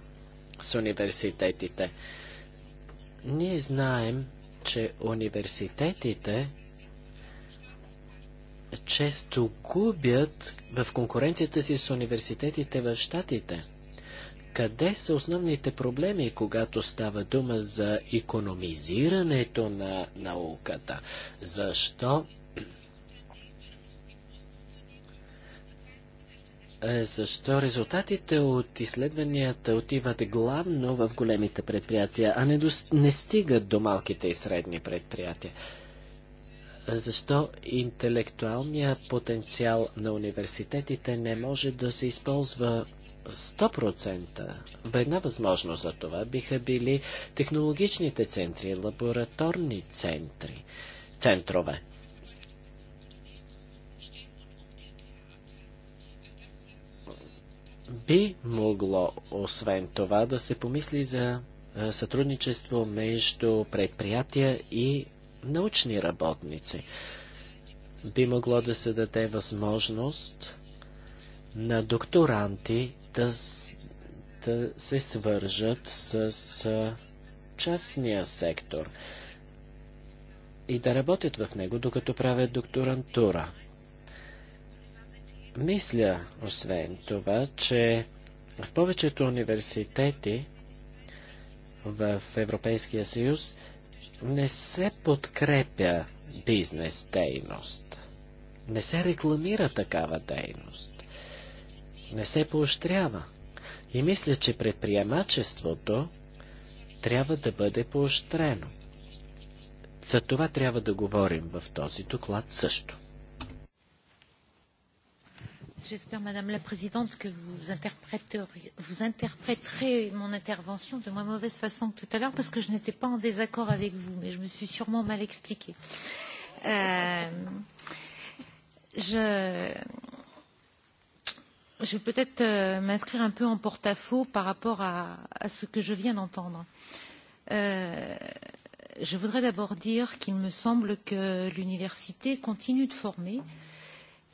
с университетите. Ние знаем, че университетите често губят в конкуренцията си с университетите в Штатите къде са основните проблеми, когато става дума за економизирането на науката? Защо е, защо резултатите от изследванията отиват главно в големите предприятия, а не, до, не стигат до малките и средни предприятия? Е, защо интелектуалният потенциал на университетите не може да се използва 100% една възможност за това биха били технологичните центри, лабораторни центри, центрове. Би могло, освен това, да се помисли за сътрудничество между предприятия и научни работници. Би могло да се даде възможност на докторанти да, да се свържат с, с частния сектор и да работят в него, докато правят докторантура. Мисля, освен това, че в повечето университети в Европейския съюз не се подкрепя бизнес дейност. Не се рекламира такава дейност не се поощрява. И мисля, че предприемачеството трябва да бъде поощрено. За това трябва да говорим в този доклад също. J'espère, Madame la Présidente, que vous interpréterez, vous interpréterez mon intervention de moins mauvaise façon que tout à l'heure, parce que je n'étais pas en désaccord avec vous, mais je me suis sûrement mal expliquée. Euh, je, Je vais peut-être euh, m'inscrire un peu en porte-à-faux par rapport à, à ce que je viens d'entendre. Euh, je voudrais d'abord dire qu'il me semble que l'université continue de former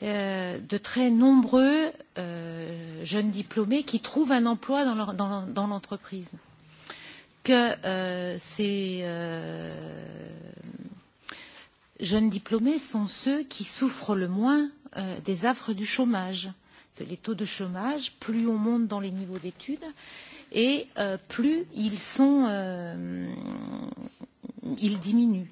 euh, de très nombreux euh, jeunes diplômés qui trouvent un emploi dans, l'entreprise. Que euh, ces euh, jeunes diplômés sont ceux qui souffrent le moins euh, des affres du chômage. Euh, les taux de chômage, plus on monte dans les niveaux d'études et euh, plus ils sont euh, ils diminuent.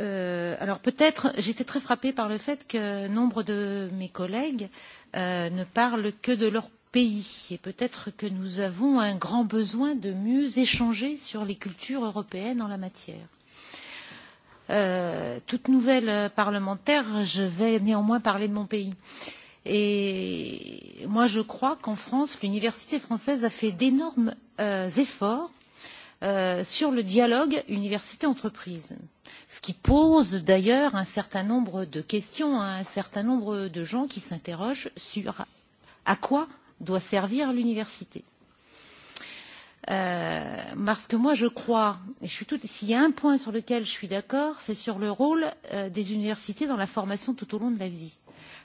Euh, alors peut-être, j'étais très frappée par le fait que nombre de mes collègues euh, ne parlent que de leur pays et peut-être que nous avons un grand besoin de mieux échanger sur les cultures européennes en la matière toute nouvelle parlementaire, je vais néanmoins parler de mon pays. Et moi, je crois qu'en France, l'université française a fait d'énormes euh, efforts euh, sur le dialogue université-entreprise, ce qui pose d'ailleurs un certain nombre de questions à un certain nombre de gens qui s'interrogent sur à quoi doit servir l'université. Euh, parce que moi je crois, et je suis tout, s'il y a un point sur lequel je suis d'accord, c'est sur le rôle euh, des universités dans la formation tout au long de la vie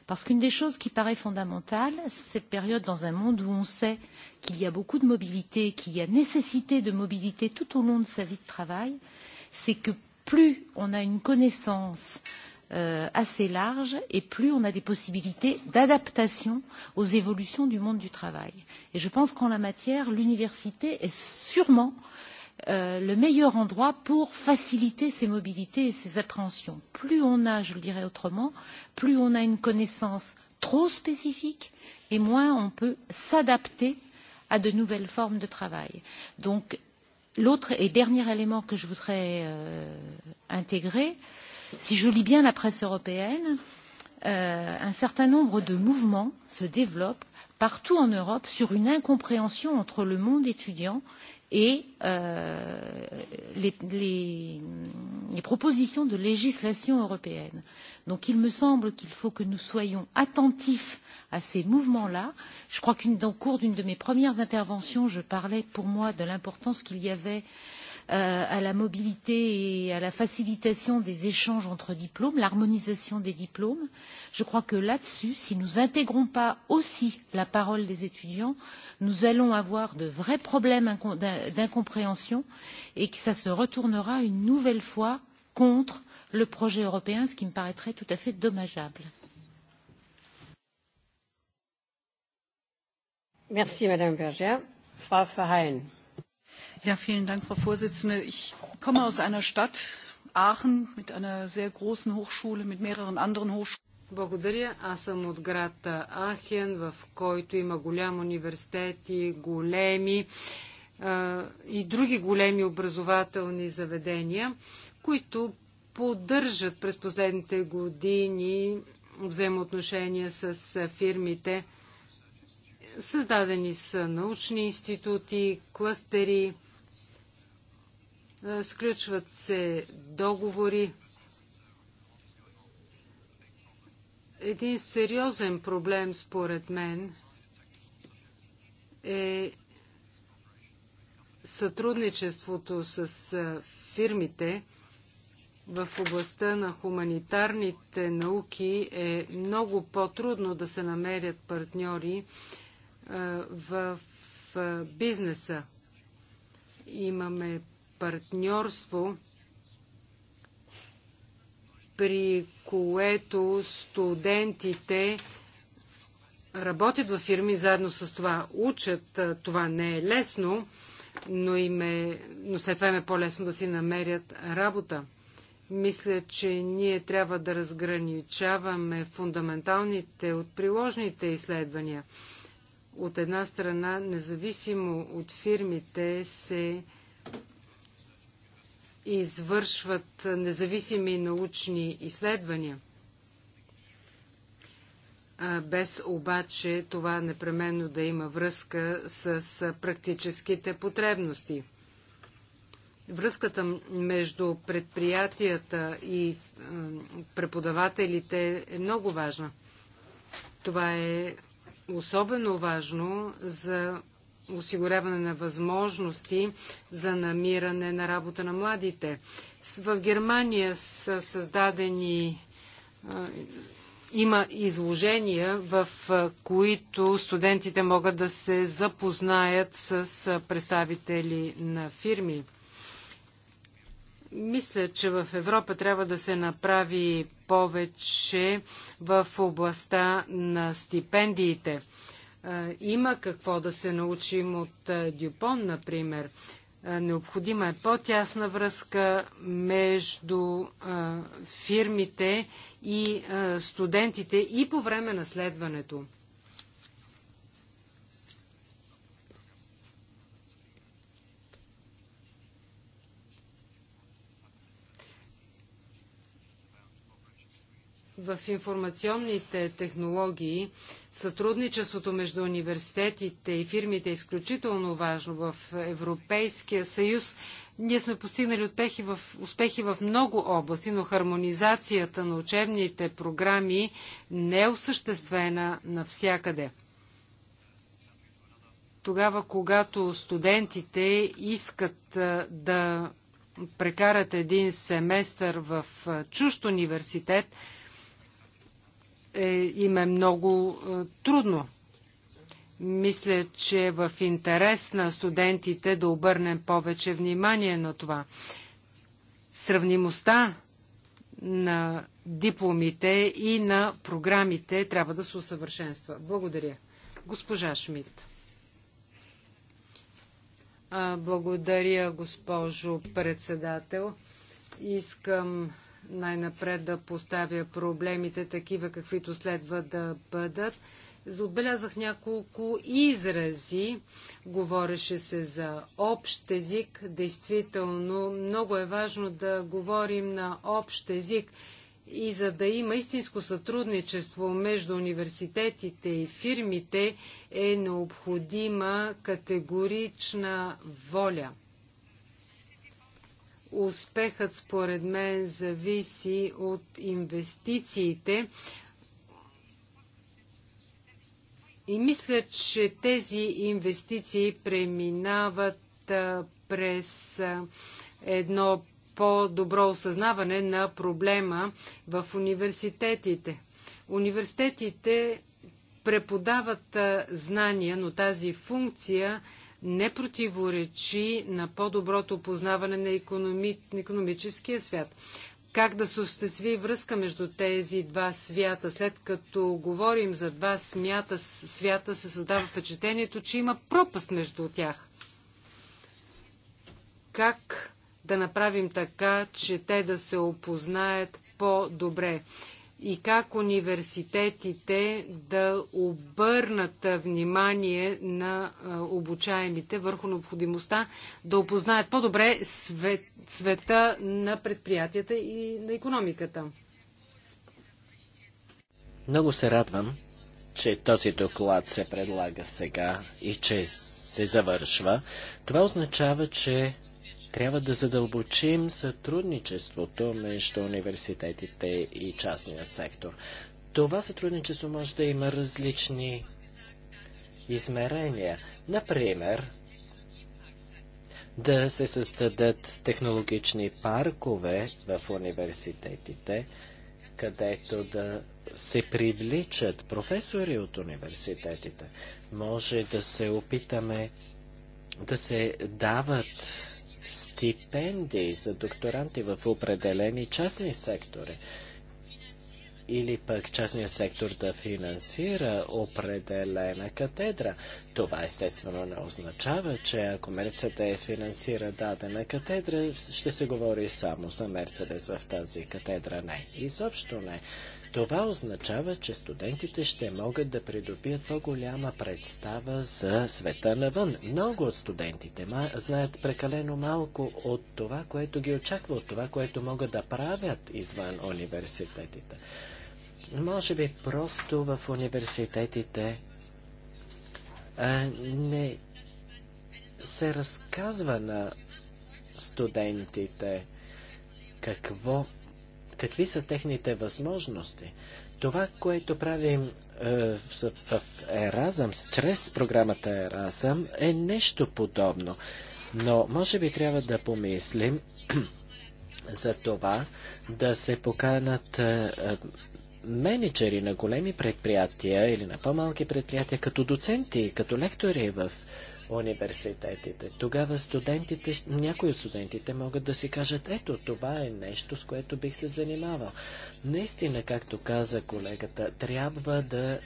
Parce qu'une des choses qui paraît fondamentale, cette période dans un monde où on sait qu'il y a beaucoup de mobilité, qu'il y a nécessité de mobilité tout au long de sa vie de travail, c'est que plus on a une connaissance euh, assez large et plus on a des possibilités d'adaptation aux évolutions du monde du travail. Et je pense qu'en la matière, l'université est sûrement euh, le meilleur endroit pour faciliter ces mobilités et ces appréhensions. Plus on a, je le dirais autrement, plus on a une connaissance trop spécifique et moins on peut s'adapter à de nouvelles formes de travail. Donc, l'autre et dernier élément que je voudrais euh, intégrer, si je lis bien la presse européenne, euh, un certain nombre de mouvements se développent partout en Europe sur une incompréhension entre le monde étudiant et les, les, les propositions de législation européenne. Donc il me semble qu'il faut que nous soyons attentifs à ces mouvements-là. Je crois qu'au cours d'une de mes premières interventions, je parlais pour moi de l'importance qu'il y avait euh, à la mobilité et à la facilitation des échanges entre diplômes, l'harmonisation des diplômes. Je crois que là-dessus, si nous n'intégrons pas aussi la parole des étudiants, nous allons avoir de vrais problèmes d'incompréhension et que ça se retournera une nouvelle fois contre le projet européen, ce qui me paraîtrait tout à fait dommageable. Merci, Madame Berger. Frau Verheyen. Frau Präsidentin! Ich komme aus einer Stadt, Aachen, mit einer sehr großen Hochschule, mit mehreren anderen Hochschulen. Благодаря. Аз съм от град Ахен, в който има голям университет и големи а, и други големи образователни заведения, които поддържат през последните години взаимоотношения с фирмите. Създадени са научни институти, кластери, е, сключват се договори. Един сериозен проблем, според мен, е сътрудничеството с е, фирмите в областта на хуманитарните науки е много по-трудно да се намерят партньори е, в бизнеса. Имаме партньорство, при което студентите работят във фирми заедно с това, учат. Това не е лесно, но, им е, но след това им е по-лесно да си намерят работа. Мисля, че ние трябва да разграничаваме фундаменталните от приложните изследвания. От една страна, независимо от фирмите, се извършват независими научни изследвания, без обаче това непременно да има връзка с практическите потребности. Връзката между предприятията и преподавателите е много важна. Това е особено важно за осигуряване на възможности за намиране на работа на младите. В Германия са създадени има изложения, в които студентите могат да се запознаят с представители на фирми. Мисля, че в Европа трябва да се направи повече в областта на стипендиите. Има какво да се научим от Дюпон, например. Необходима е по-тясна връзка между фирмите и студентите и по време на следването. в информационните технологии сътрудничеството между университетите и фирмите е изключително важно в Европейския съюз. Ние сме постигнали успехи в, успехи в много области, но хармонизацията на учебните програми не е осъществена навсякъде. Тогава, когато студентите искат да прекарат един семестър в чущ университет, е, им е много е, трудно. Мисля, че е в интерес на студентите да обърнем повече внимание на това. Сравнимостта на дипломите и на програмите трябва да се усъвършенства. Благодаря. Госпожа Шмидт. Благодаря, госпожо председател. Искам най-напред да поставя проблемите такива, каквито следва да бъдат. Отбелязах няколко изрази. Говореше се за общ език. Действително, много е важно да говорим на общ език. И за да има истинско сътрудничество между университетите и фирмите, е необходима категорична воля – Успехът според мен зависи от инвестициите. И мисля, че тези инвестиции преминават през едно по-добро осъзнаване на проблема в университетите. Университетите преподават знания, но тази функция не противоречи на по-доброто опознаване на, економи... на економическия свят. Как да се осъществи връзка между тези два свята? След като говорим за два смята, свята, се създава впечатлението, че има пропаст между тях. Как да направим така, че те да се опознаят по-добре? и как университетите да обърнат внимание на обучаемите върху необходимостта да опознаят по-добре свет, света на предприятията и на економиката. Много се радвам, че този доклад се предлага сега и че се завършва. Това означава, че трябва да задълбочим сътрудничеството между университетите и частния сектор. Това сътрудничество може да има различни измерения. Например, да се създадат технологични паркове в университетите, където да се привличат професори от университетите. Може да се опитаме да се дават стипендии за докторанти в определени частни сектори. Или пък частния сектор да финансира определена катедра. Това естествено не означава, че ако Мерцедес финансира дадена катедра, ще се говори само за Мерцедес в тази катедра. Не, изобщо не. Това означава, че студентите ще могат да придобият по-голяма представа за света навън. Много от студентите ма, знаят прекалено малко от това, което ги очаква, от това, което могат да правят извън университетите. Може би просто в университетите а, не се разказва на студентите какво какви са техните възможности. Това, което правим е, в, в Еразъм, чрез програмата Еразъм, е нещо подобно. Но може би трябва да помислим за това да се поканат е, е, менеджери на големи предприятия или на по-малки предприятия като доценти, като лектори в университетите. Тогава студентите, някои от студентите могат да си кажат, ето това е нещо, с което бих се занимавал. Наистина, както каза колегата, трябва да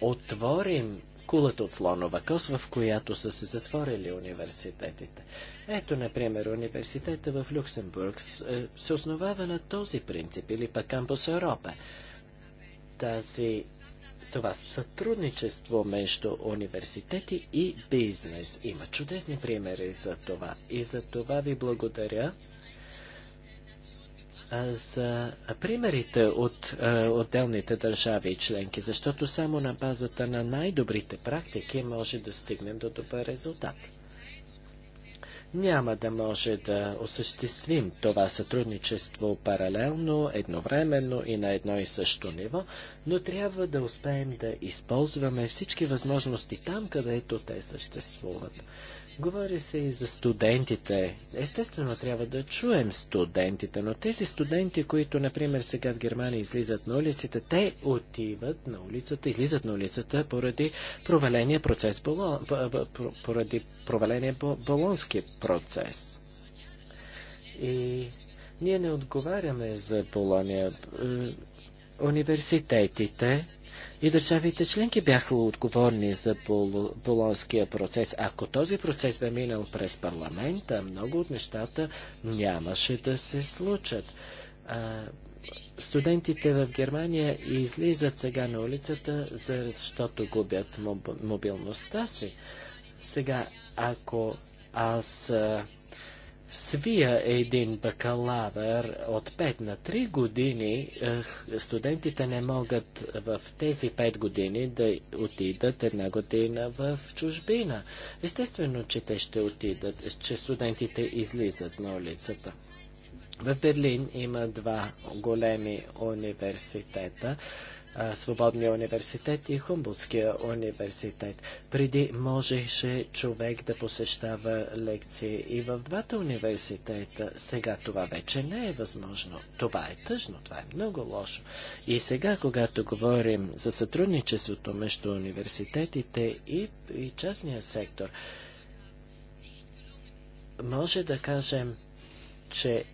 отворим кулата от слонова кос, в която са се затворили университетите. Ето, например, университета в Люксембург е, се основава на този принцип или пък Кампус Европа. Тази това сътрудничество между университети и бизнес. Има чудесни примери за това. И за това ви благодаря за примерите от е, отделните държави и членки, защото само на базата на най-добрите практики може да стигнем до добър резултат няма да може да осъществим това сътрудничество паралелно, едновременно и на едно и също ниво, но трябва да успеем да използваме всички възможности там, където те съществуват. Говори се и за студентите. Естествено, трябва да чуем студентите, но тези студенти, които, например, сега в Германия излизат на улиците, те отиват на улицата, излизат на улицата поради проваления процес, поради проваления болонски процес. И ние не отговаряме за Болония. Е, университетите и държавите членки бяха отговорни за бол болонския процес. Ако този процес бе минал през парламента, много от нещата нямаше да се случат. А, студентите в Германия излизат сега на улицата, защото губят моб мобилността си. Сега, ако аз а, свия един бакалавър от 5 на 3 години, е, студентите не могат в тези 5 години да отидат една година в чужбина. Естествено, че те ще отидат, че студентите излизат на улицата. В Берлин има два големи университета, Свободния университет и Хумбудския университет. Преди можеше човек да посещава лекции и в двата университета. Сега това вече не е възможно. Това е тъжно, това е много лошо. И сега, когато говорим за сътрудничеството между университетите и, и частния сектор, може да кажем, че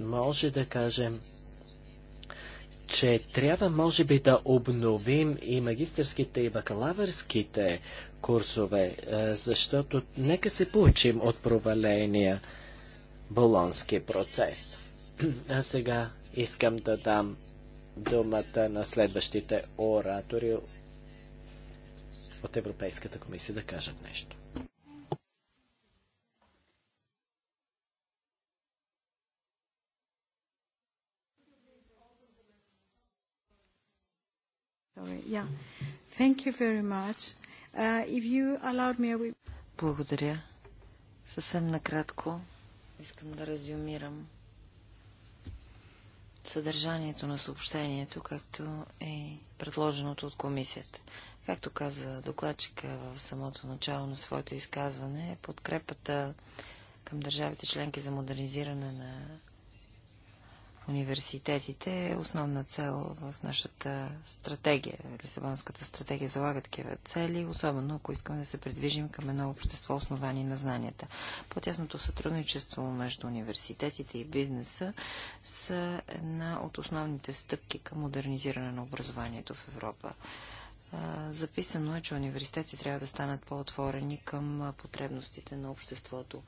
може да кажем, че трябва, може би, да обновим и магистърските, и бакалавърските курсове, е, защото нека се получим от проваления болонски процес. А сега искам да дам думата на следващите оратори от Европейската комисия да кажат нещо. Sorry. Yeah. Thank you very much. Uh, if you allowed me, Благодаря. Съвсем накратко искам да резюмирам съдържанието на съобщението, както е предложеното от комисията. Както казва докладчика в самото начало на своето изказване, подкрепата към държавите членки за модернизиране на университетите е основна цел в нашата стратегия. Лисабонската стратегия залага такива цели, особено ако искаме да се придвижим към едно общество, основани на знанията. По-тясното сътрудничество между университетите и бизнеса са една от основните стъпки към модернизиране на образованието в Европа. Записано е, че университети трябва да станат по-отворени към потребностите на обществото.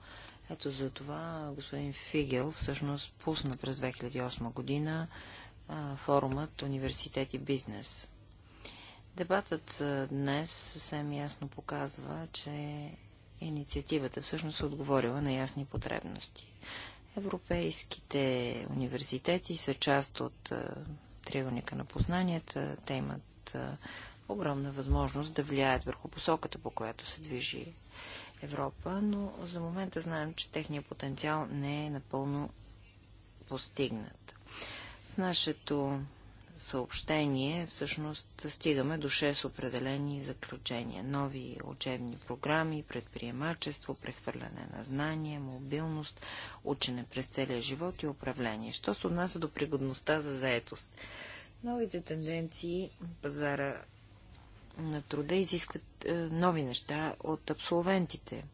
Ето за това господин Фигел всъщност пусна през 2008 година а, форумът Университет и бизнес. Дебатът днес съвсем ясно показва, че инициативата всъщност е отговорила на ясни потребности. Европейските университети са част от триъгълника на познанията. Те имат огромна възможност да влияят върху посоката, по която се движи Европа, но за момента знаем, че техният потенциал не е напълно постигнат. В нашето съобщение всъщност стигаме до 6 определени заключения. Нови учебни програми, предприемачество, прехвърляне на знания, мобилност, учене през целия живот и управление. Що се отнася до пригодността за заетост? Новите тенденции пазара на труда изискват е, нови неща от абсолвентите.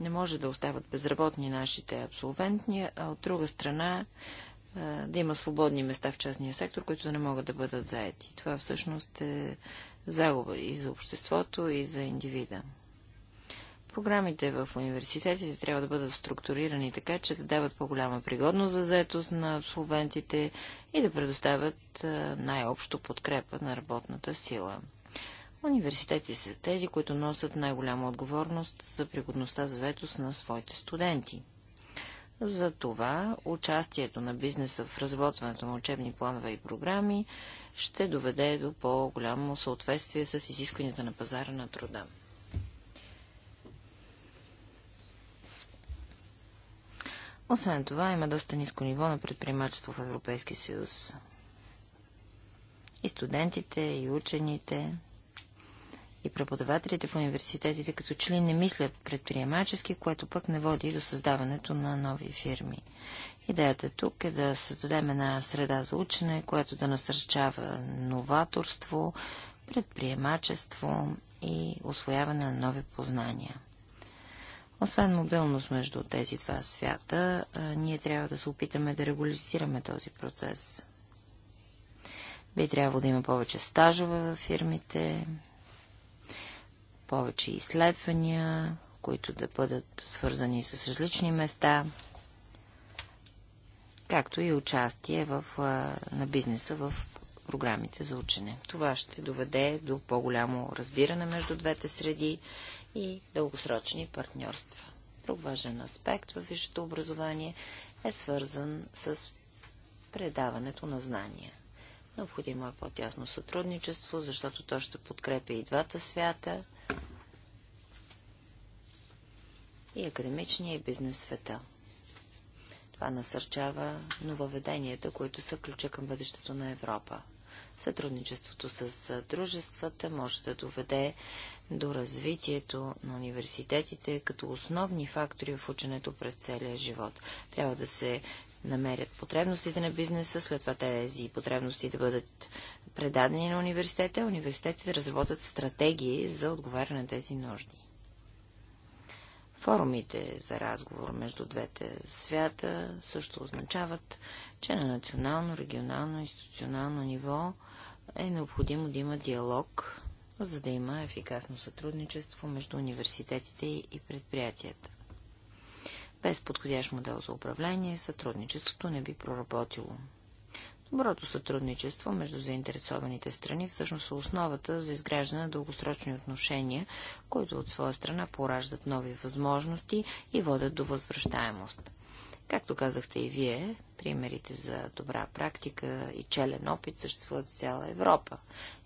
Не може да остават безработни нашите абсолвентни, а от друга страна е, да има свободни места в частния сектор, които не могат да бъдат заети. Това всъщност е загуба и за обществото, и за индивида. Програмите в университетите трябва да бъдат структурирани така, че да дават по-голяма пригодност за заетост на абсолвентите и да предоставят най-общо подкрепа на работната сила. Университети са тези, които носят най-голяма отговорност за пригодността за заетост на своите студенти. За това участието на бизнеса в разработването на учебни планове и програми ще доведе до по-голямо съответствие с изискванията на пазара на труда. Освен това, има доста ниско ниво на предприемачество в Европейския съюз. И студентите, и учените, и преподавателите в университетите като че ли не мислят предприемачески, което пък не води до създаването на нови фирми. Идеята тук е да създадем една среда за учене, която да насърчава новаторство, предприемачество и освояване на нови познания. Освен мобилност между тези два свята, ние трябва да се опитаме да регулизираме този процес. Би трябвало да има повече стажове във фирмите, повече изследвания, които да бъдат свързани с различни места, както и участие в, на бизнеса в програмите за учене. Това ще доведе до по-голямо разбиране между двете среди и дългосрочни партньорства. Друг важен аспект в висшето образование е свързан с предаването на знания. Необходимо е по-тясно сътрудничество, защото то ще подкрепя и двата свята, и академичния, и бизнес света. Това насърчава нововеденията, които са ключа към бъдещето на Европа. Сътрудничеството с дружествата може да доведе до развитието на университетите като основни фактори в ученето през целия живот. Трябва да се намерят потребностите на бизнеса, след това тези потребности да бъдат предадени на университета, а университетите да разработят стратегии за отговаряне на тези нужди. Форумите за разговор между двете свята също означават, че на национално, регионално, институционално ниво е необходимо да има диалог за да има ефикасно сътрудничество между университетите и предприятията. Без подходящ модел за управление, сътрудничеството не би проработило. Доброто сътрудничество между заинтересованите страни всъщност е основата за изграждане на дългосрочни отношения, които от своя страна пораждат нови възможности и водят до възвръщаемост. Както казахте и вие, примерите за добра практика и челен опит съществуват в цяла Европа.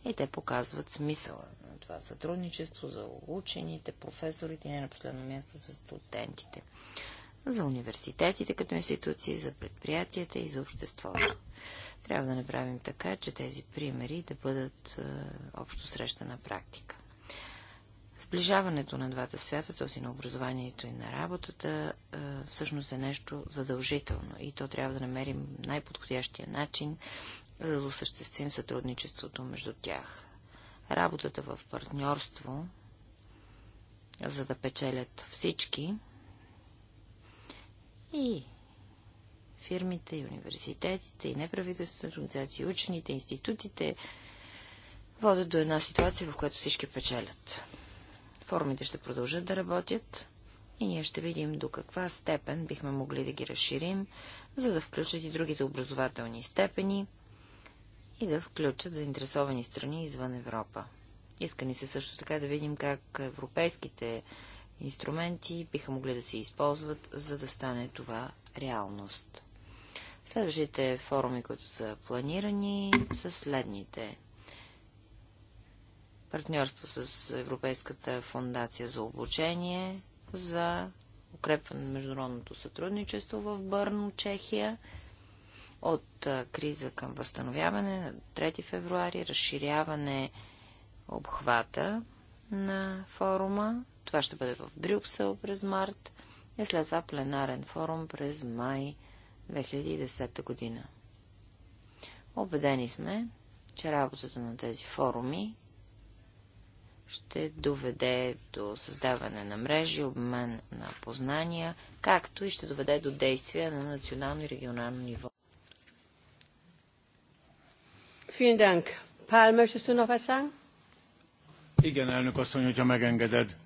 И те показват смисъла на това сътрудничество за учените, професорите и не на последно място за студентите. За университетите като институции, за предприятията и за обществото. Трябва да направим така, че тези примери да бъдат е, общо срещана практика. Сближаването на двата свята, този на образованието и на работата, всъщност е нещо задължително и то трябва да намерим най-подходящия начин, за да осъществим сътрудничеството между тях. Работата в партньорство, за да печелят всички и фирмите, и университетите, и неправителствените организации, и учените, институтите, водят до една ситуация, в която всички печелят. Форумите ще продължат да работят и ние ще видим до каква степен бихме могли да ги разширим, за да включат и другите образователни степени и да включат заинтересовани страни извън Европа. Иска ни се също така да видим как европейските инструменти биха могли да се използват, за да стане това реалност. Следващите форуми, които са планирани, са следните партньорство с Европейската фундация за обучение за укрепване на международното сътрудничество в Бърно, Чехия. От криза към възстановяване на 3 февруари, разширяване обхвата на форума. Това ще бъде в Брюксел през март и след това пленарен форум през май 2010 година. Обедени сме, че работата на тези форуми ще доведе до създаване на мрежи, обмен на познания, както и ще доведе до действия на национално и регионално ниво. Vielen Dank. Paul, möchtest du noch was sagen? Igen, elnök asszony, hogyha megengeded.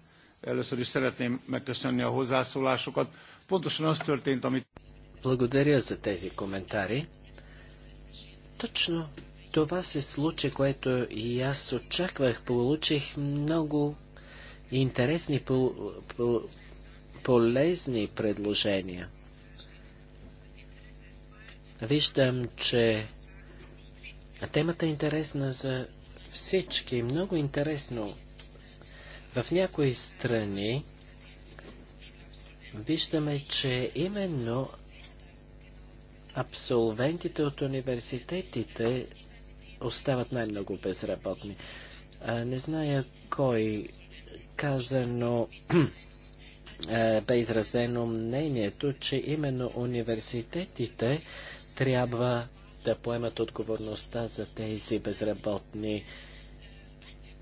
Először is szeretném megköszönni a hozzászólásokat. Pontosan az történt, amit... Благодаря за тези коментари. Точно това се случи, което и аз очаквах. Получих много интересни, пол, пол, полезни предложения. Виждам, че темата е интересна за всички. Много интересно. В някои страни виждаме, че именно абсолвентите от университетите остават най-много безработни. А, не зная кой каза, но бе изразено мнението, че именно университетите трябва да поемат отговорността за тези безработни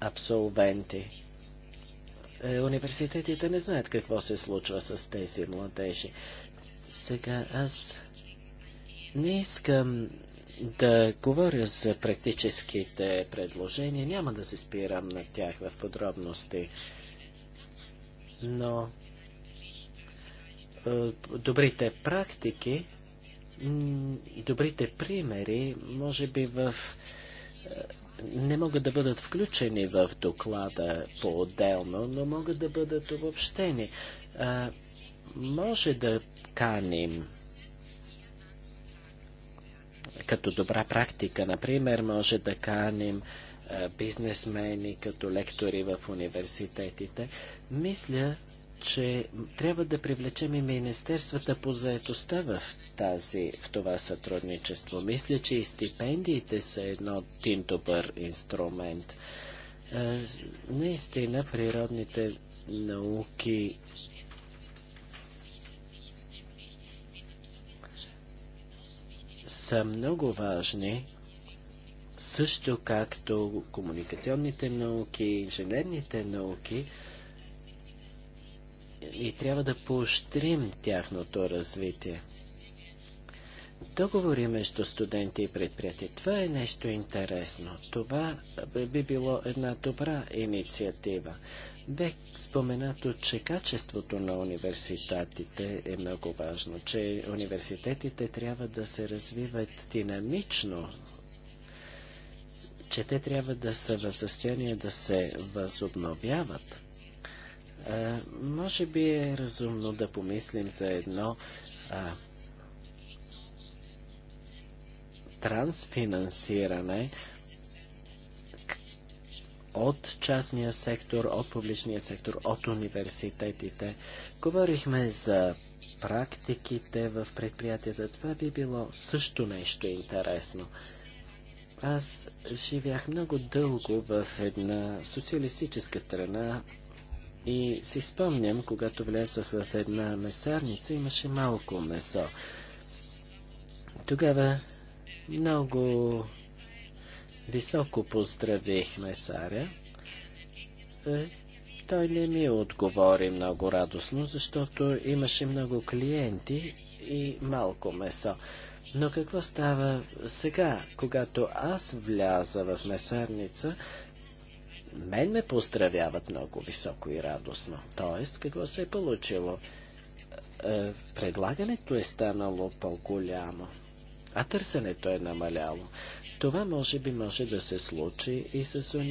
абсолвенти. Е, университетите не знаят какво се случва с тези младежи. Сега аз не искам да говоря за практическите предложения. Няма да се спирам на тях в подробности, но е, добрите практики, добрите примери, може би в е, не могат да бъдат включени в доклада по-отделно, но могат да бъдат обобщени. Е, може да каним като добра практика. Например, може да каним е, бизнесмени като лектори в университетите. Мисля, че трябва да привлечем и министерствата по заетостта в, тази, в това сътрудничество. Мисля, че и стипендиите са едно тим добър инструмент. Е, наистина, природните науки са много важни, също както комуникационните науки, инженерните науки, и трябва да поощрим тяхното развитие. Договори между студенти и предприятия. Това е нещо интересно. Това би било една добра инициатива. Бе споменато, че качеството на университетите е много важно, че университетите трябва да се развиват динамично, че те трябва да са в състояние да се възобновяват. А, може би е разумно да помислим за едно а, трансфинансиране от частния сектор, от публичния сектор, от университетите. Говорихме за практиките в предприятията. Това би било също нещо интересно. Аз живях много дълго в една социалистическа страна и си спомням, когато влезох в една месарница, имаше малко месо. Тогава много Високо поздравихме Саря. Е, той не ми отговори много радостно, защото имаше много клиенти и малко месо. Но какво става сега, когато аз вляза в месарница? Мен ме поздравяват много високо и радостно. Тоест, какво се е получило? Е, предлагането е станало по-голямо, а търсенето е намаляло. Това може би може да се случи и с